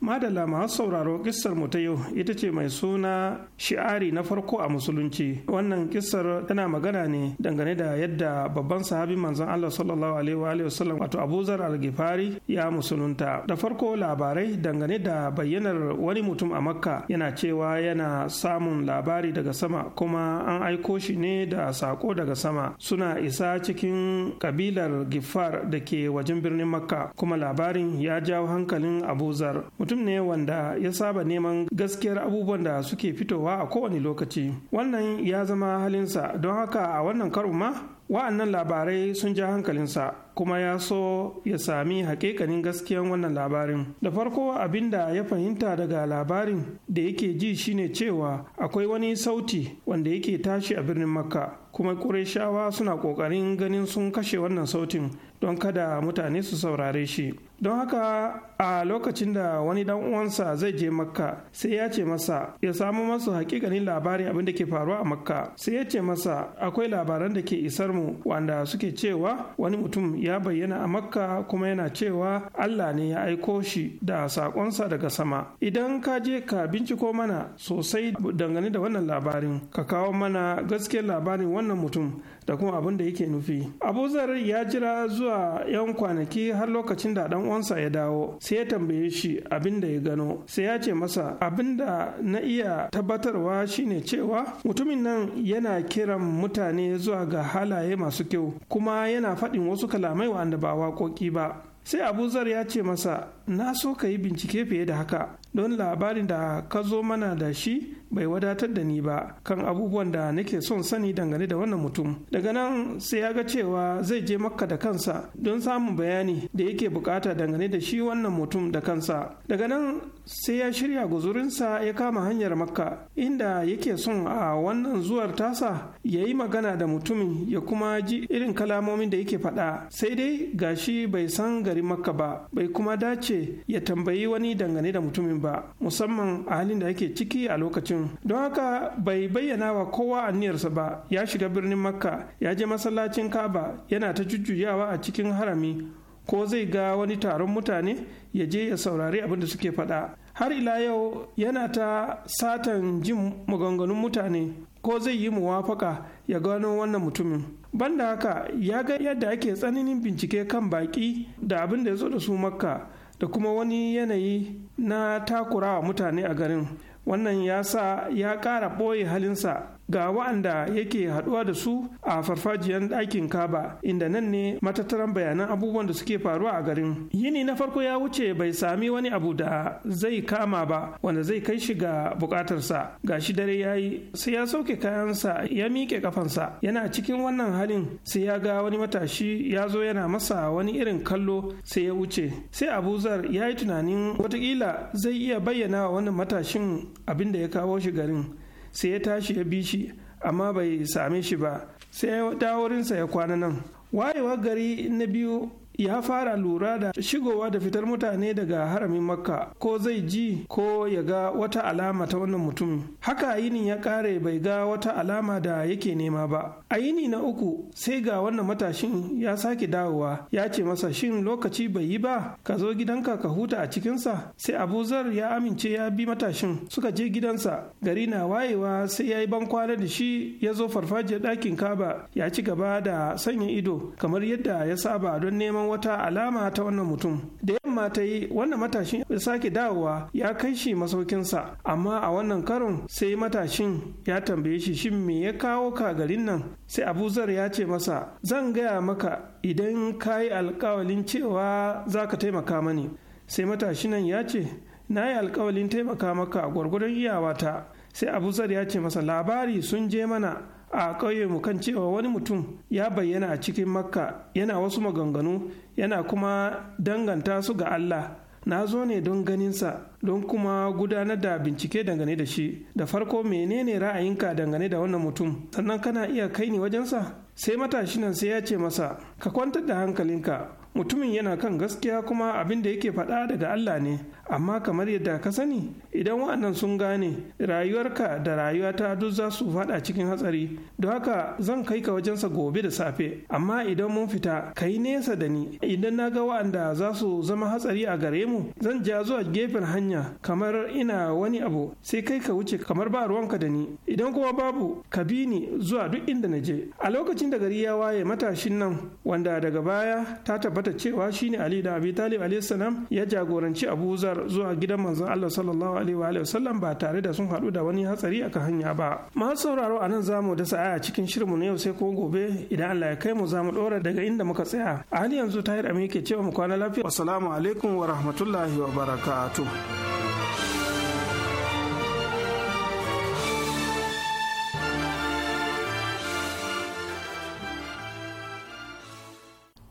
Speaker 8: madala masu sauraro kissar mu ta yau ita ce mai suna shi'ari na farko a musulunci wannan kissar tana magana ne dangane da yadda babban sahabi manzon Allah sallallahu alaihi wa wasallam wato Abu Zar al-Ghifari ya musulunta da farko labarai dangane da bayyanar wani mutum a Makka yana cewa yana samun labari daga sama kuma an aiko shi ne da sako daga sama suna isa cikin kabilar Gifar da ke wajen birnin Makka kuma labarin ya jawo hankalin Abu Zar mutum ne wanda ya saba neman gaskiyar abubuwan da suke fitowa a kowane lokaci wannan ya zama halinsa don haka a wannan karon ma wa'annan labarai sun ja hankalinsa kuma ya so ya sami hakikanin gaskiyan wannan labarin da farko abinda ya fahimta daga labarin da yake ji shine cewa akwai wani sauti wanda yake tashi a birnin makka kuma ƙureshawa suna ƙoƙarin ganin sun kashe wannan sautin don kada mutane su saurare shi don haka a lokacin da wani dan uwansa zai je makka sai ya ce masa ya samu masu hakikanin labarin abin da ke faruwa a makka sai ya ce masa akwai labaran da ke isar mu wanda suke cewa wani mutum ya bayyana a makka kuma yana cewa allah ne ya aiko shi da saƙonsa daga sama idan ka je ka binciko mana sosai dangane da wannan labarin ka kawo mana gaskiyar labarin wannan mutum da kuma abin da yake nufi abuzar ya jira zuwa yan kwanaki har lokacin da dan uwansa ya dawo sai ya tambaye shi abin da ya gano sai ya ce masa abin da na iya tabbatarwa shine cewa mutumin nan yana kiran mutane zuwa ga halaye masu kyau kuma yana faɗin wasu kalamai wa'anda ba waƙoƙi ba sai abuzar ya ce masa na so ka yi bincike fiye da haka don labarin da ka zo mana da shi bai wadatar da ni ba kan abubuwan da nake son sani dangane da wannan mutum daga nan sai ya ga cewa zai je makka da kansa don samun bayani da yake bukata dangane da shi wannan mutum da kansa daga nan sai ya shirya guzurinsa ya kama hanyar makka inda yake son a wannan zuwar tasa ya yi magana da mutumin ya kuma ji irin kalamomin da yake faɗa sai dai gashi bai san garin makka ba bai kuma dace ya tambayi wani dangane da mutumin ba musamman a halin da yake ciki a lokacin don haka bai bayyana wa kowa aniyarsa ba ya shiga birnin makka ya je masallacin kaba yana ta jujjuyawa a cikin harami ko zai ga wani taron mutane ya je ya saurari abin da suke faɗa har ila yau yana ta satan jin maganganun mutane ko zai yi muwafaka ya gano wannan mutumin banda haka ya ga yadda ake tsananin bincike kan baƙi da abin da ya zo da su makka da kuma wani yanayi na takurawa mutane a garin wannan ya sa ya ƙara ɓoye halinsa ga wa'anda yake haɗuwa da su a farfajiyar ɗakin kaba inda nan ne matattaran bayanan abubuwan da suke faruwa a garin yini na farko ya wuce bai sami wani abu da zai kama ba wanda zai kai shi ga bukatarsa ga shi dare ya yi sai ya sauke kayansa ya miƙe kafansa yana cikin wannan halin sai ya ga wani matashi ya zo yana masa wani irin kallo sai ya wuce sai abuzar ya yi tunanin watakila zai iya bayyana wa wannan matashin abin da ya kawo shi garin sai ya tashi ya bi shi amma bai same shi ba sai ya dawo wurinsa ya kwana nan wayewar gari na biyu ya fara lura da shigowa da fitar mutane daga haramin makka ko zai ji ko ya ga wata alama ta wannan mutum haka yinin ya kare bai ga wata alama da yake nema ba ayini na uku sai ga wannan matashin ya sake dawowa ya ce masa shin lokaci bai yi ba ka zo gidanka ka huta a cikinsa sai abuzar ya amince ya bi matashin suka je gidansa gari na wayewa sai ya yi bankwana da shi ya zo farfajiyar ɗakin kaba ya ci gaba da sanya ido kamar yadda ya saba don neman wata alama ta wannan mutum da yamma ta yi wannan matashin ya sake dawowa ya kai shi masaukinsa amma a wannan karon sai matashin ya tambaye shi shin me ya kawo ka garin nan sai abuzar ya ce masa zan gaya maka idan ka yi alkawalin cewa za ka taimaka mani sai matashin nan ya ce na yi alkawalin taimaka maka gwargwadon iyawata sai abuzar ya ce masa labari sun je mana a ƙauyenmu kan cewa wani mutum ya bayyana a cikin makka yana wasu maganganu yana kuma danganta su ga allah na zo ne don ganinsa don kuma gudanar da bincike dangane da shi da farko menene ra'ayinka dangane da wannan mutum sannan kana iya kai ni wajensa sai matashi nan sai ya ce masa ka kwantar da hankalinka mutumin yana kan gaskiya kuma abin da yake faɗa daga allah ne amma kamar yadda ka sani idan waɗannan sun gane rayuwarka da rayuwata duk za su faɗa cikin hatsari don haka zan kai ka wajensa gobe da safe amma idan mun fita ka yi nesa da ni idan na ga waɗanda za su zama hatsari a gare mu zan ja zuwa gefen hanya kamar ina wani abu sai kai ka wuce kamar ba ruwanka da ni idan kuma babu ka bi ni zuwa duk inda na je a lokacin da gari ya waye matashin nan wanda daga baya ta tabbata cewa shine ali da abi talib alayhi salam ya jagoranci abu zuwa gidan manzon Allah sallallahu alaihi wa sallam ba tare da sun hadu da wani hatsari akan hanya ba masu sauraro a nan zamu da sa'a cikin shirinmu na yau sai ko gobe idan Allah ya kai mu zamu ɗora daga inda muka tsaya a hali yanzu tahir amin yake cewa mu kwana lafiya assalamu alaikum wa rahmatullahi wa barakatuh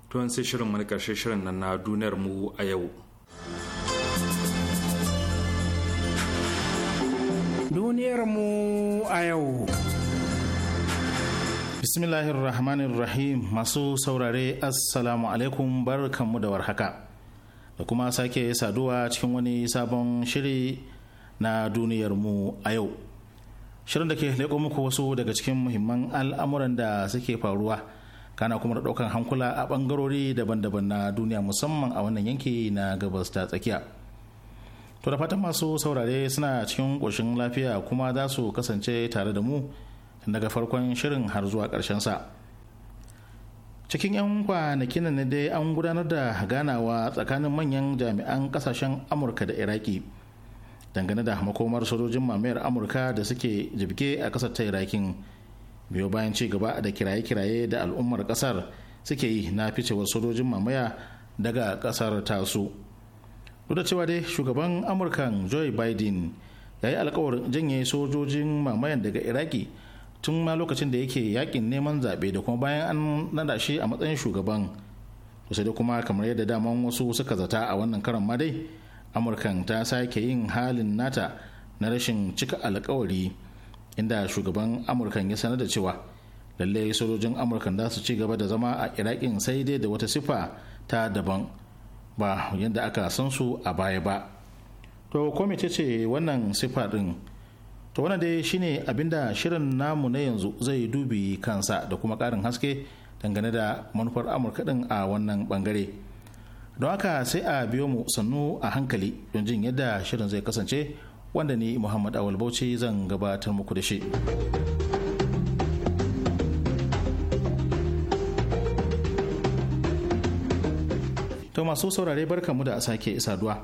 Speaker 1: tuwan sai shirin mani karshe shirin nan na duniyar mu a yau
Speaker 4: Duniyarmu a yau. Bismillahirrahmanirrahim masu saurare Assalamu alaikum kanmu da warhaka da kuma sake saduwa cikin wani sabon shiri na duniyarmu a yau. Shirin da ke leƙo muku wasu daga cikin muhimman al'amuran da suke faruwa kana kuma da ɗaukan hankula a ɓangarori daban-daban na duniya musamman a wannan yanki na gabas ta tsakiya. To da fatan masu saurare suna cikin ƙoshin lafiya kuma za su kasance tare da mu daga farkon shirin har zuwa ƙarshen sa. Cikin 'yan kwanakin ne dai an gudanar da ganawa tsakanin manyan jami'an ƙasashen Amurka da Iraki dangane da makomar sojojin mamayar Amurka da suke jibge a ƙasar ta Irakin biyo bayan ci gaba da kiraye-kiraye da al'ummar ƙasar suke yi na ficewar sojojin mamaya daga ƙasar tasu. duk da cewa dai shugaban amurkan joe biden ya yi alkawarin janye sojojin mamayan daga iraki tun ma lokacin da yake yakin neman zaɓe da kuma bayan an nada shi a matsayin shugaban sai da kuma kamar yadda daman wasu suka zata a wannan karan ma dai amurkan ta sake yin halin nata na rashin cika alkawari inda shugaban amurkan ya sanar da cewa lallai sojojin amurkan za su ci gaba da zama a irakin sai dai da wata sifa ta daban ba yadda aka san su a baya ba to ko ce wannan sifa din to wannan dai shine abinda shirin namu na yanzu zai dubi kansa da kuma karin haske dangane da manufar amurka din a wannan bangare don haka sai a biyo mu sannu a hankali don jin yadda shirin zai kasance wanda ni muhammad awal bauchi zan gabatar muku da shi to masu saurare barka mu da sake saduwa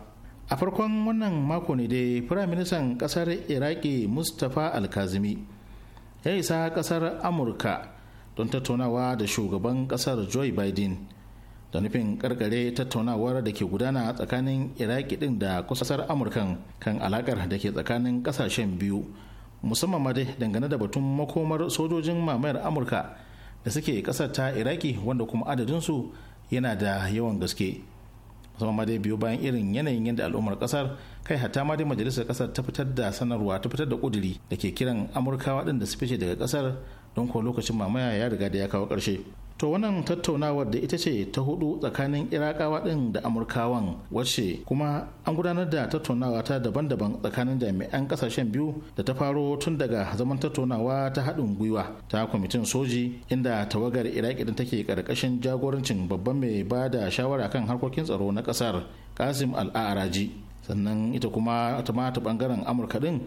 Speaker 4: a farkon wannan mako ne dai firaministan kasar iraki mustapha alkazimi ya isa kasar amurka don tattaunawa da shugaban kasar joe biden da nufin karkare tattaunawar da ke gudana tsakanin iraki din da kasar amurkan kan alakar da ke tsakanin ƙasashen biyu musamman ma dai dangane da batun makomar sojojin mamayar amurka da suke kasar ta iraki wanda kuma adadinsu yana da yawan gaske musamman dai biyo bayan irin yanayin yadda al'ummar kasar kai hatta ma dai majalisar kasar ta fitar da sanarwa ta fitar da kuduri da ke kiran amurkawa din da su fice daga kasar don kuwa lokacin mamaya ya riga da ya kawo karshe to wannan tattaunawar da ita ce ta hudu tsakanin irakawa din da amurkawan wacce kuma an gudanar da tattaunawa ta daban-daban tsakanin jami'an ƙasashen biyu da ta faro tun daga zaman tattaunawa ta haɗin gwiwa ta kwamitin soji inda tawagar iraki din take karkashin jagorancin babban mai ba da shawara kan harkokin tsaro na kasar kasim al'araji sannan ita kuma ta bangaren amurka din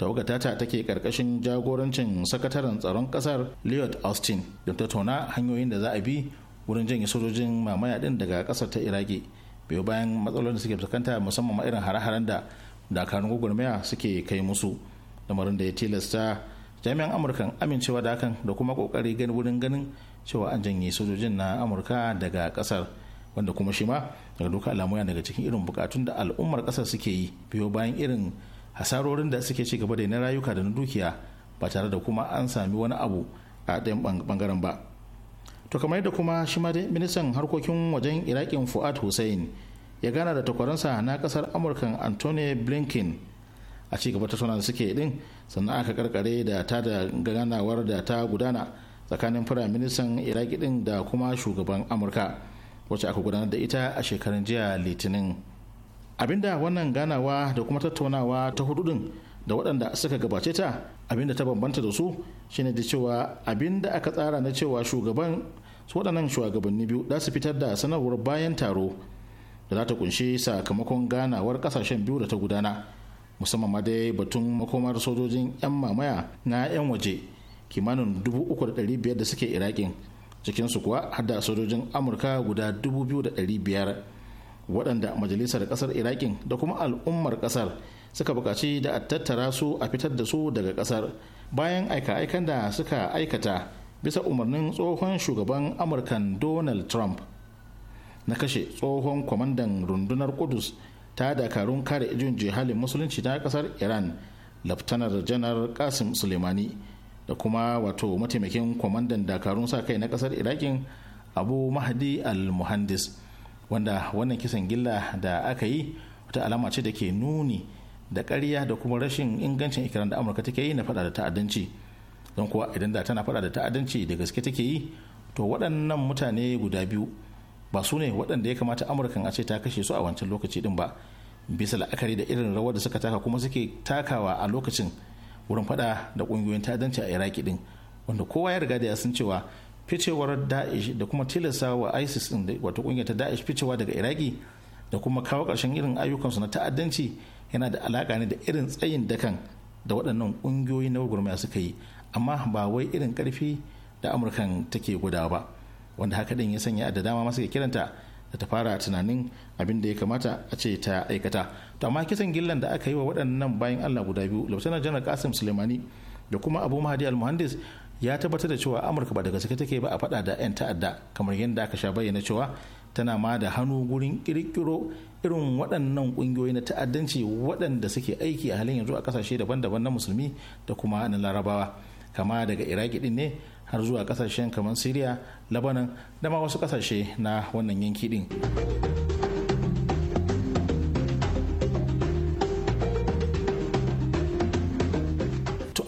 Speaker 4: tawaga ta take karkashin jagorancin sakataren tsaron kasar lloyd austin don tattauna hanyoyin da za a bi wurin janye sojojin mamaya din daga kasar ta iraki biyo bayan matsalolin da suke fuskanta musamman ma irin hare-haren da dakarun gugurmaya suke kai musu lamarin da ya tilasta jami'an amurkan amincewa da hakan da kuma kokari gani wurin ganin cewa an janye sojojin na amurka daga kasar wanda kuma shi ma daga duka alamu yana daga cikin irin bukatun da al'ummar kasar suke yi biyo bayan irin hasarorin da suke ci gaba da na rayuka da na dukiya ba tare da kuma an sami wani abu a ɗayan bangaren ba to kamar yadda kuma shi ma dai ministan harkokin wajen iraƙin fuad hussein ya gana da takwaransa na kasar amurka anthony blinken a ci gaba tattauna da suke din sannan aka karkare da ta da ganawar da ta gudana tsakanin firaministan iraki din da kuma shugaban amurka wacce aka gudanar da ita a shekarun jiya litinin abinda wannan ganawa da kuma tattaunawa ta hudu da waɗanda suka gabace ta abinda ta bambanta da su shine da cewa abinda aka tsara na cewa shugaban su waɗannan shugabanni biyu za su fitar da sanarwar bayan taro da za ta kunshi sakamakon ganawar ƙasashen biyu da ta gudana musamman ma dai batun makomar sojojin 'yan mamaya na 'yan waje kimanin 3,500 da suke irakin cikinsu kuwa har da sojojin amurka guda 2,500 waɗanda majalisar ƙasar irakin da kuma al'ummar ƙasar suka buƙaci da a tattara su a fitar da su daga ƙasar bayan aika-aikan da suka aikata bisa umarnin tsohon shugaban amurkan donald trump na kashe tsohon kwamandan rundunar kudus ta dakarun kare jin jihalin musulunci ta ƙasar iran laftanar janar kasim suleimani da kuma wato mataimakin kwamandan dakarun sa kai na ƙasar irakin abu mahdi al-muhandis wanda wannan kisan gilla da aka yi wata alama ce da ke nuni da karya da kuma rashin ingancin ikirar da amurka take yi na fada da ta'addanci don kuwa idan da tana fada da ta'addanci da gaske take yi to waɗannan mutane guda biyu ba su ne waɗanda ya kamata amurkan a ce ta kashe su a wancan lokaci din ba bisa la'akari da irin rawar da suka taka kuma suke takawa a lokacin wurin fada da ƙungiyoyin ta'addanci a iraki din wanda kowa ya riga da ya san cewa ficewar da'ish da kuma tilasta wa isis din wata kungiyar ta da'ish ficewa daga iraki da kuma kawo karshen irin ayyukansu na ta'addanci yana da alaka ne da irin tsayin dakan da waɗannan ƙungiyoyi na gwagwarmaya suka yi amma ba wai irin ƙarfi da amurkan take guda ba wanda haka din ya sanya da dama masu kiranta da ta fara tunanin abin da ya kamata a ce ta aikata to amma kisan gillan da aka yi wa waɗannan bayan allah guda biyu lautana janar kasim sulemani da kuma abu mahadi al-muhandis ya tabbatar da cewa amurka ba da gaske take ba a fada da 'yan ta'adda kamar yadda aka sha bayyana cewa tana ma da hannu gurin kirkiro irin waɗannan ƙungiyoyi na ta'addanci waɗanda suke aiki a halin yanzu a ƙasashe daban-daban na musulmi da kuma na larabawa kama daga iraki din ne har zuwa ƙasashen kamar syria labanan da ma wasu ƙasashe na wannan yanki din.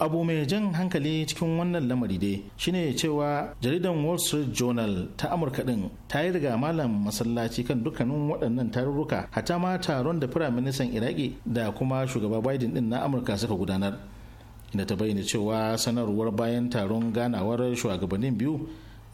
Speaker 4: abu mai jan hankali cikin wannan lamari dai shine cewa jaridan wall street journal ta amurka din ta yi riga malam masallaci kan dukkanin waɗannan tarurruka hata ma taron da firaministan iraki da kuma shugaba biden din na amurka suka gudanar inda ta bayyana cewa sanarwar bayan taron ganawar shugabannin biyu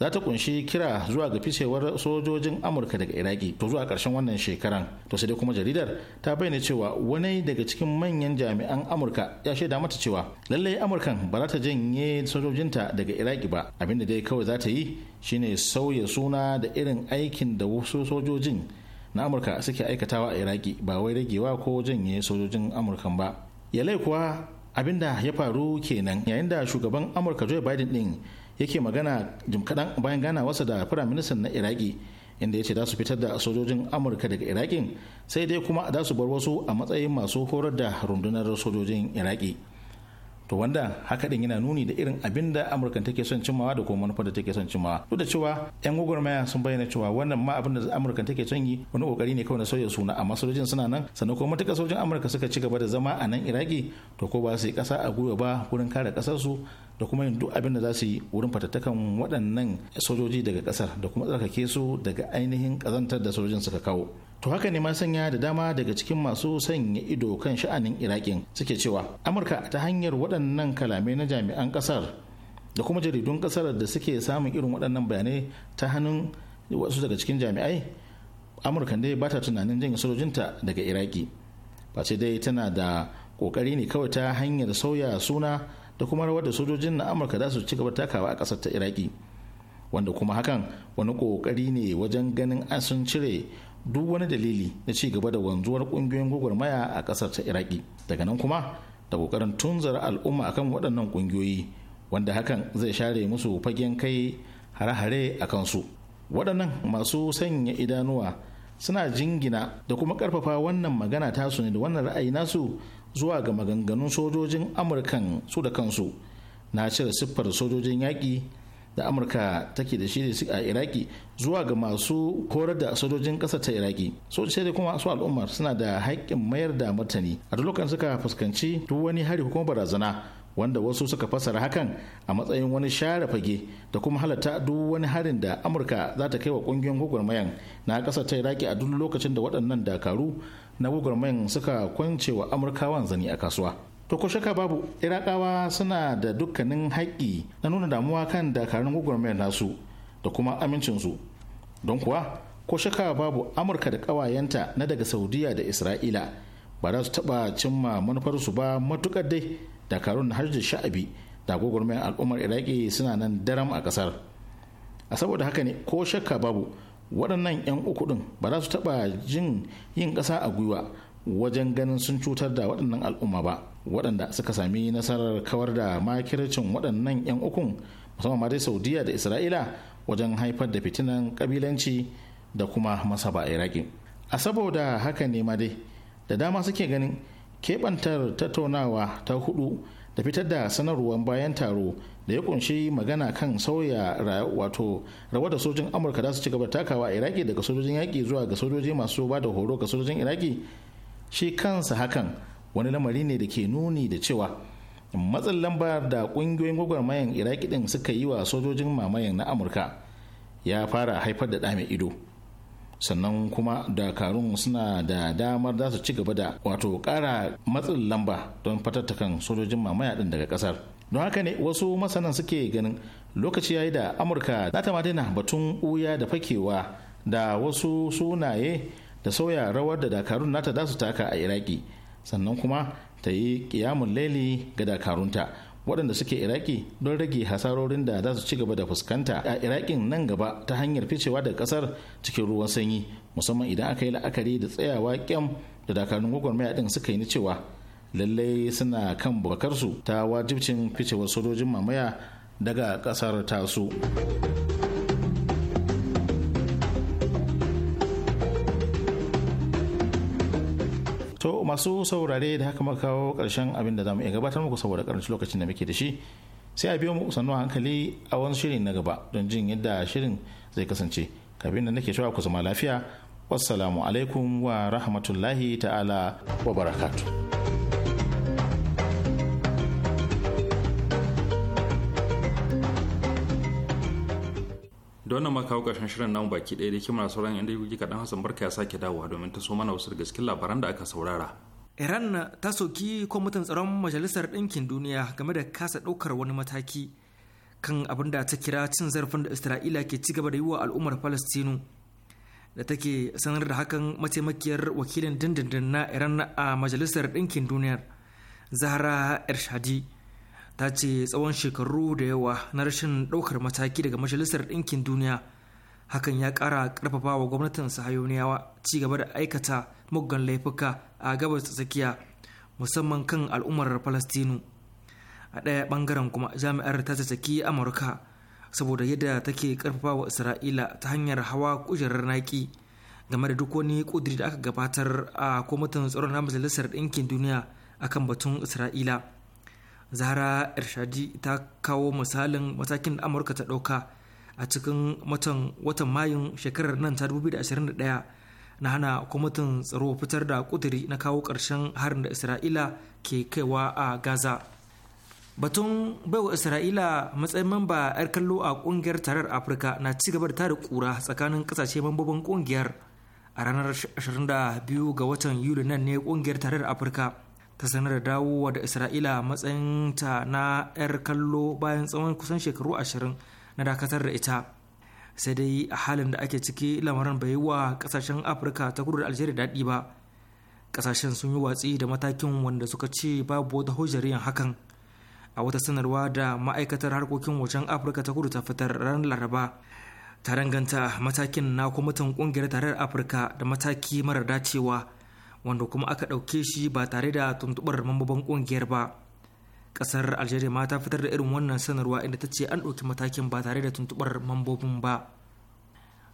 Speaker 4: za ta kunshi kira zuwa ga ficewar sojojin amurka daga iraki to zuwa karshen wannan shekaran to sai dai kuma jaridar ta bayyana cewa wani daga cikin manyan jami'an amurka ya shaida mata cewa lallai amurkan ba za ta janye sojojinta daga iraki ba abinda dai kawai za ta yi shine sauya suna da irin aikin da wasu sojojin na amurka suke aikatawa a iraki ba wai ragewa ko janye sojojin amurkan ba yalai kuwa abinda ya faru kenan yayin da shugaban amurka joe biden din yake magana jim kaɗan bayan wasa da firaministan na iraki inda ya ce za su fitar da sojojin amurka daga irakin sai dai kuma za su bar wasu a matsayin masu horar da rundunar sojojin iraki to wanda haka din yana nuni da irin abin da amurka take son cimmawa da kuma manufar da take son cimmawa duk da cewa yan gwagwarmaya sun bayyana cewa wannan ma abin da amurka take son yi wani kokari ne kawai na sauya suna amma sojojin suna nan sannan kuma matuƙa sojojin amurka suka ci gaba da zama a nan iraki to ko ba su yi ƙasa a gwiwa ba wurin kare su da kuma yin duk abin da za su yi wurin fatattakan waɗannan sojoji daga ƙasar da kuma tsarkake su daga ainihin ƙazantar da sojojin suka kawo to haka ne ma sanya da dama daga cikin masu sanya ido kan sha'anin iraƙin suke cewa amurka ta hanyar waɗannan kalamai na jami'an ƙasar da kuma jaridun ƙasar da suke samun irin waɗannan bayanai ta hannun wasu daga cikin jami'ai amurka dai ba ta tunanin janye sojojinta daga iraki sai dai tana da ƙoƙari ne kawai ta hanyar sauya suna da kuma rawar da sojojin na amurka za su ci gaba takawa a ƙasar ta iraki wanda kuma hakan wani ƙoƙari ne wajen ganin an sun cire duk wani dalili na ci gaba da wanzuwar ƙungiyoyin gwagwarmaya a ƙasar ta iraki daga nan kuma da ƙoƙarin tunzara al'umma akan waɗannan ƙungiyoyi wanda hakan zai share musu fagen kai hare-hare a kansu waɗannan masu sanya idanuwa suna jingina da kuma ƙarfafa wannan magana tasu ne da wannan ra'ayi nasu zuwa ga maganganun sojojin amurkan su da kansu na cire siffar sojojin yaƙi da amurka take da shi a iraki zuwa ga masu korar da sojojin ƙasar ta iraki sojojin da kuma su al'ummar suna da haƙƙin mayar da martani a duk lokacin suka fuskanci duk wani hari kuma barazana wanda wasu suka fasara hakan a matsayin wani share fage da kuma halatta duk wani harin da amurka za ta kai wa ƙungiyar gwagwarmayan na ƙasar ta iraki a duk lokacin da waɗannan dakaru na gwagwarmayan suka kwance wa amurkawan zani a kasuwa to ko shaka babu irakawa suna da dukkanin haƙƙi na nuna damuwa kan dakarun gwagwarmayar nasu da kuma amincinsu don kuwa ko shaka babu amurka da ƙawayenta na daga saudiya da isra'ila ba za su taɓa cimma manufarsu ba matuƙar dai dakarun na da sha'abi da gwagwarmayar al'ummar iraki suna nan daram a ƙasar a saboda haka ne ko shakka babu waɗannan 'yan uku ɗin ba za su taɓa jin yin ƙasa a gwiwa wajen ganin sun cutar da waɗannan al'umma ba waɗanda suka sami nasarar kawar da makircin waɗannan 'yan ukun musamman ma dai saudiya da isra'ila wajen haifar da fitinan ƙabilanci da kuma masaba iraki a saboda haka ne ma dai da dama suke ganin keɓantar tattaunawa ta hudu da fitar da sanarwar bayan taro da ya kunshi magana kan sauya wato rawa da sojojin amurka za su ci gaba takawa a iraki daga sojojin yaƙi zuwa ga sojoji masu ba da horo ga sojojin iraki shi kansa hakan wani lamari ne da ke nuni da cewa matsin lamba da ƙungiyoyin gwagwarmayan iraki din suka yi wa sojojin mamayan na amurka ya fara haifar da ɗame ido sannan kuma dakarun suna da damar za su ci gaba da wato kara matsin lamba don fatattakan sojojin mamaya din daga ƙasar don haka ne wasu masanan suke ganin lokaci yayi da amurka za ta na batun uya da fakewa da wasu sunaye da sauya rawar da dakarun nata za su taka a iraki sannan kuma ta yi kiyamun laili ga dakarunta waɗanda suke iraki don rage hasarorin da za su ci gaba da fuskanta a irakin nan gaba ta hanyar ficewa da ƙasar cikin ruwan sanyi musamman idan aka yi la'akari da tsayawa kyam da dakarun gwagwarmaya ɗin suka yi na cewa lallai suna kan bukakarsu ta wajibcin ficewar sojojin mamaya daga kasar tasu to masu saurare da haka muka kawo karshen abin da zamu iya gabatar muku saboda karancin lokacin da muke da shi sai a biyo mu sannu hankali a wani shirin na gaba don jin yadda shirin zai kasance kafin da nake cewa ku zama lafiya wassalamu alaikum wa rahmatullahi ta'ala wa barakatuh
Speaker 1: da wannan maka ƙarshen shirin namu baki ɗaya da ke muna sauran yan dangogi kaɗan hassan barka ya sake dawowa domin ta so mana wasu daga cikin labaran da aka saurara.
Speaker 3: iran ta soki kwamitin tsaron majalisar ɗinkin duniya game da kasa ɗaukar wani mataki kan abin da ta kira cin zarafin da isra'ila ke ci gaba da yi wa al'ummar palestinu da take sanar da hakan mataimakiyar wakilin dindindin na iran a majalisar ɗinkin duniyar zahra ershadi ta ce tsawon shekaru da yawa na rashin ɗaukar mataki daga majalisar ɗinkin duniya hakan ya ƙara ƙarfafa wa gwamnatin sahayoniyawa ci gaba da aikata muggan laifuka a gabas tsakiya musamman kan al'ummar falastinu a ɗaya ɓangaren kuma jami'ar ta tattaki amurka saboda yadda take ƙarfafa wa isra'ila ta hanyar hawa kujerar naƙi game da duk wani ƙudiri da aka gabatar a kwamitin tsaron na majalisar ɗinkin duniya akan batun isra'ila zahra irshadi ta kawo misalin matakin da amurka ta ɗauka a cikin watan mayun shekarar nan ta 2021 na hana kwamitin tsaro fitar da kuduri na kawo ƙarshen harin da isra'ila ke kaiwa a gaza batun baiwa isra'ila matsayin mamba 'yar kallo a kungiyar tarar afirka na ci gaba da tada kura tsakanin kasashe mambobin kungiyar a ranar 22 ga watan yuli nan ne kungiyar tarar afirka ta sanar da dawowa da isra'ila matsayin ta na 'yar kallo bayan tsawon kusan shekaru ashirin na dakatar da ita sai dai a halin da ake ciki lamarin bai yi wa kasashen afirka ta kudu da algeria daɗi ba kasashen sun yi watsi da matakin wanda suka ce babu wata hujjar hakan a wata sanarwa da ma'aikatar harkokin wajen afirka ta kudu ta fitar ranar laraba ta danganta matakin na kwamitin kungiyar tarayyar afirka da mataki marar dacewa wanda kuma aka ɗauke shi ba tare da tuntuɓar mambobin ƙungiyar ba ƙasar algeria ma ta fitar da irin wannan sanarwa inda ta ce an ɗauki matakin ba tare da tuntuɓar mambobin ba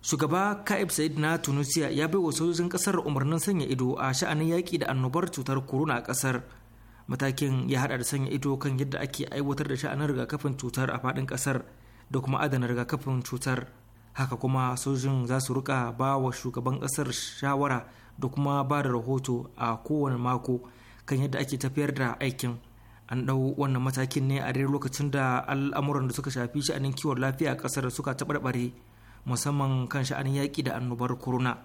Speaker 3: shugaba ka'ib sa'id na tunisia ya bai wa sojojin ƙasar umarnin sanya ido a sha'anin yaƙi da annobar cutar corona a ƙasar matakin ya haɗa da sanya ido kan yadda ake aiwatar da sha'anin rigakafin cutar a faɗin ƙasar da kuma adana rigakafin cutar haka kuma sojojin za su rika ba wa shugaban ƙasar shawara da kuma ba da rahoto a kowane mako kan yadda ake tafiyar da aikin an ɗau wannan matakin ne a daidai lokacin da al'amuran da suka shafi sha'anin kiwon lafiya a ƙasar suka taɓarɓare musamman kan sha'anin yaƙi da annobar corona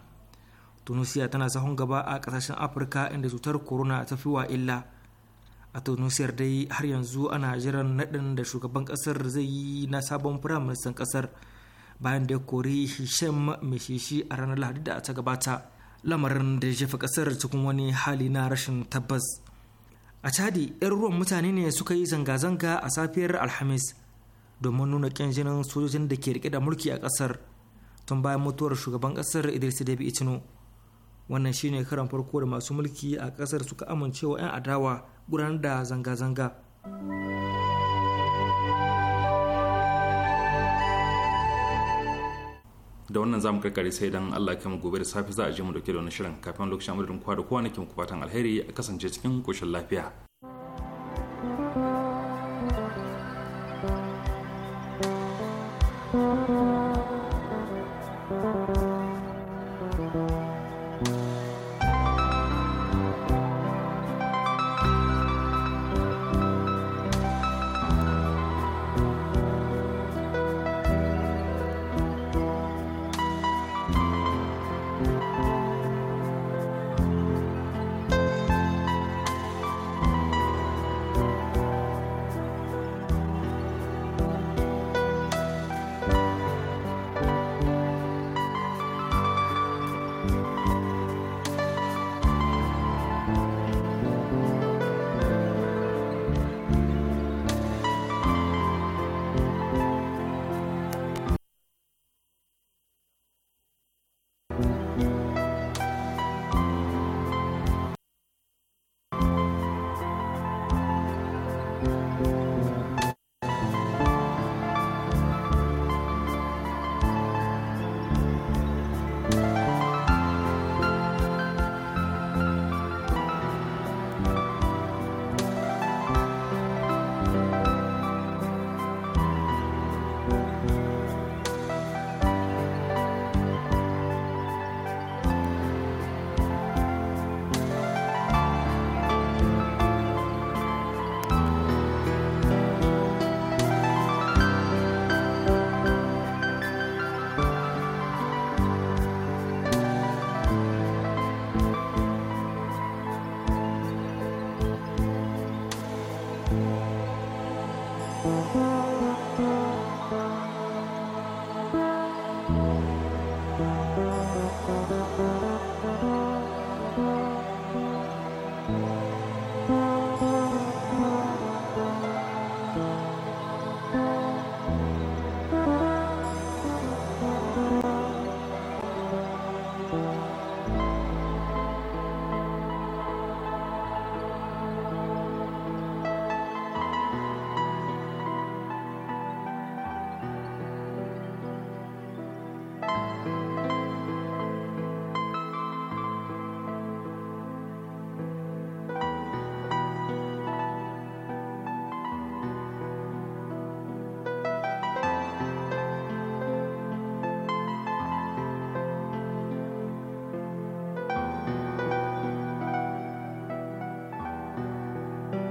Speaker 3: tunisia tana sahun gaba a kasashen afirka inda cutar corona ta fi wa illa a tunisiyar dai har yanzu ana jiran naɗin da shugaban ƙasar zai yi na sabon firaministan ƙasar bayan da ya kori shishen mai shishi a ranar lahadi da ta gabata lamarin da ya shafi kasar cikin wani hali na rashin tabbas a chadi 'yan ruwan mutane ne suka yi zanga-zanga a safiyar alhamis domin nuna kyan jinin sojojin da ke rike da mulki a kasar tun bayan mutuwar shugaban ƙasar idris debi itino wannan shine karan farko da masu mulki a kasar suka amince wa 'yan adawa gudanar da zanga-zanga
Speaker 1: da wannan zamu karkare sai dan Allah kai mu gobe da safe za a je mu dauke da wani shirin kafin lokacin amurin kwa da kowa nake muku fatan alheri a kasance cikin koshin lafiya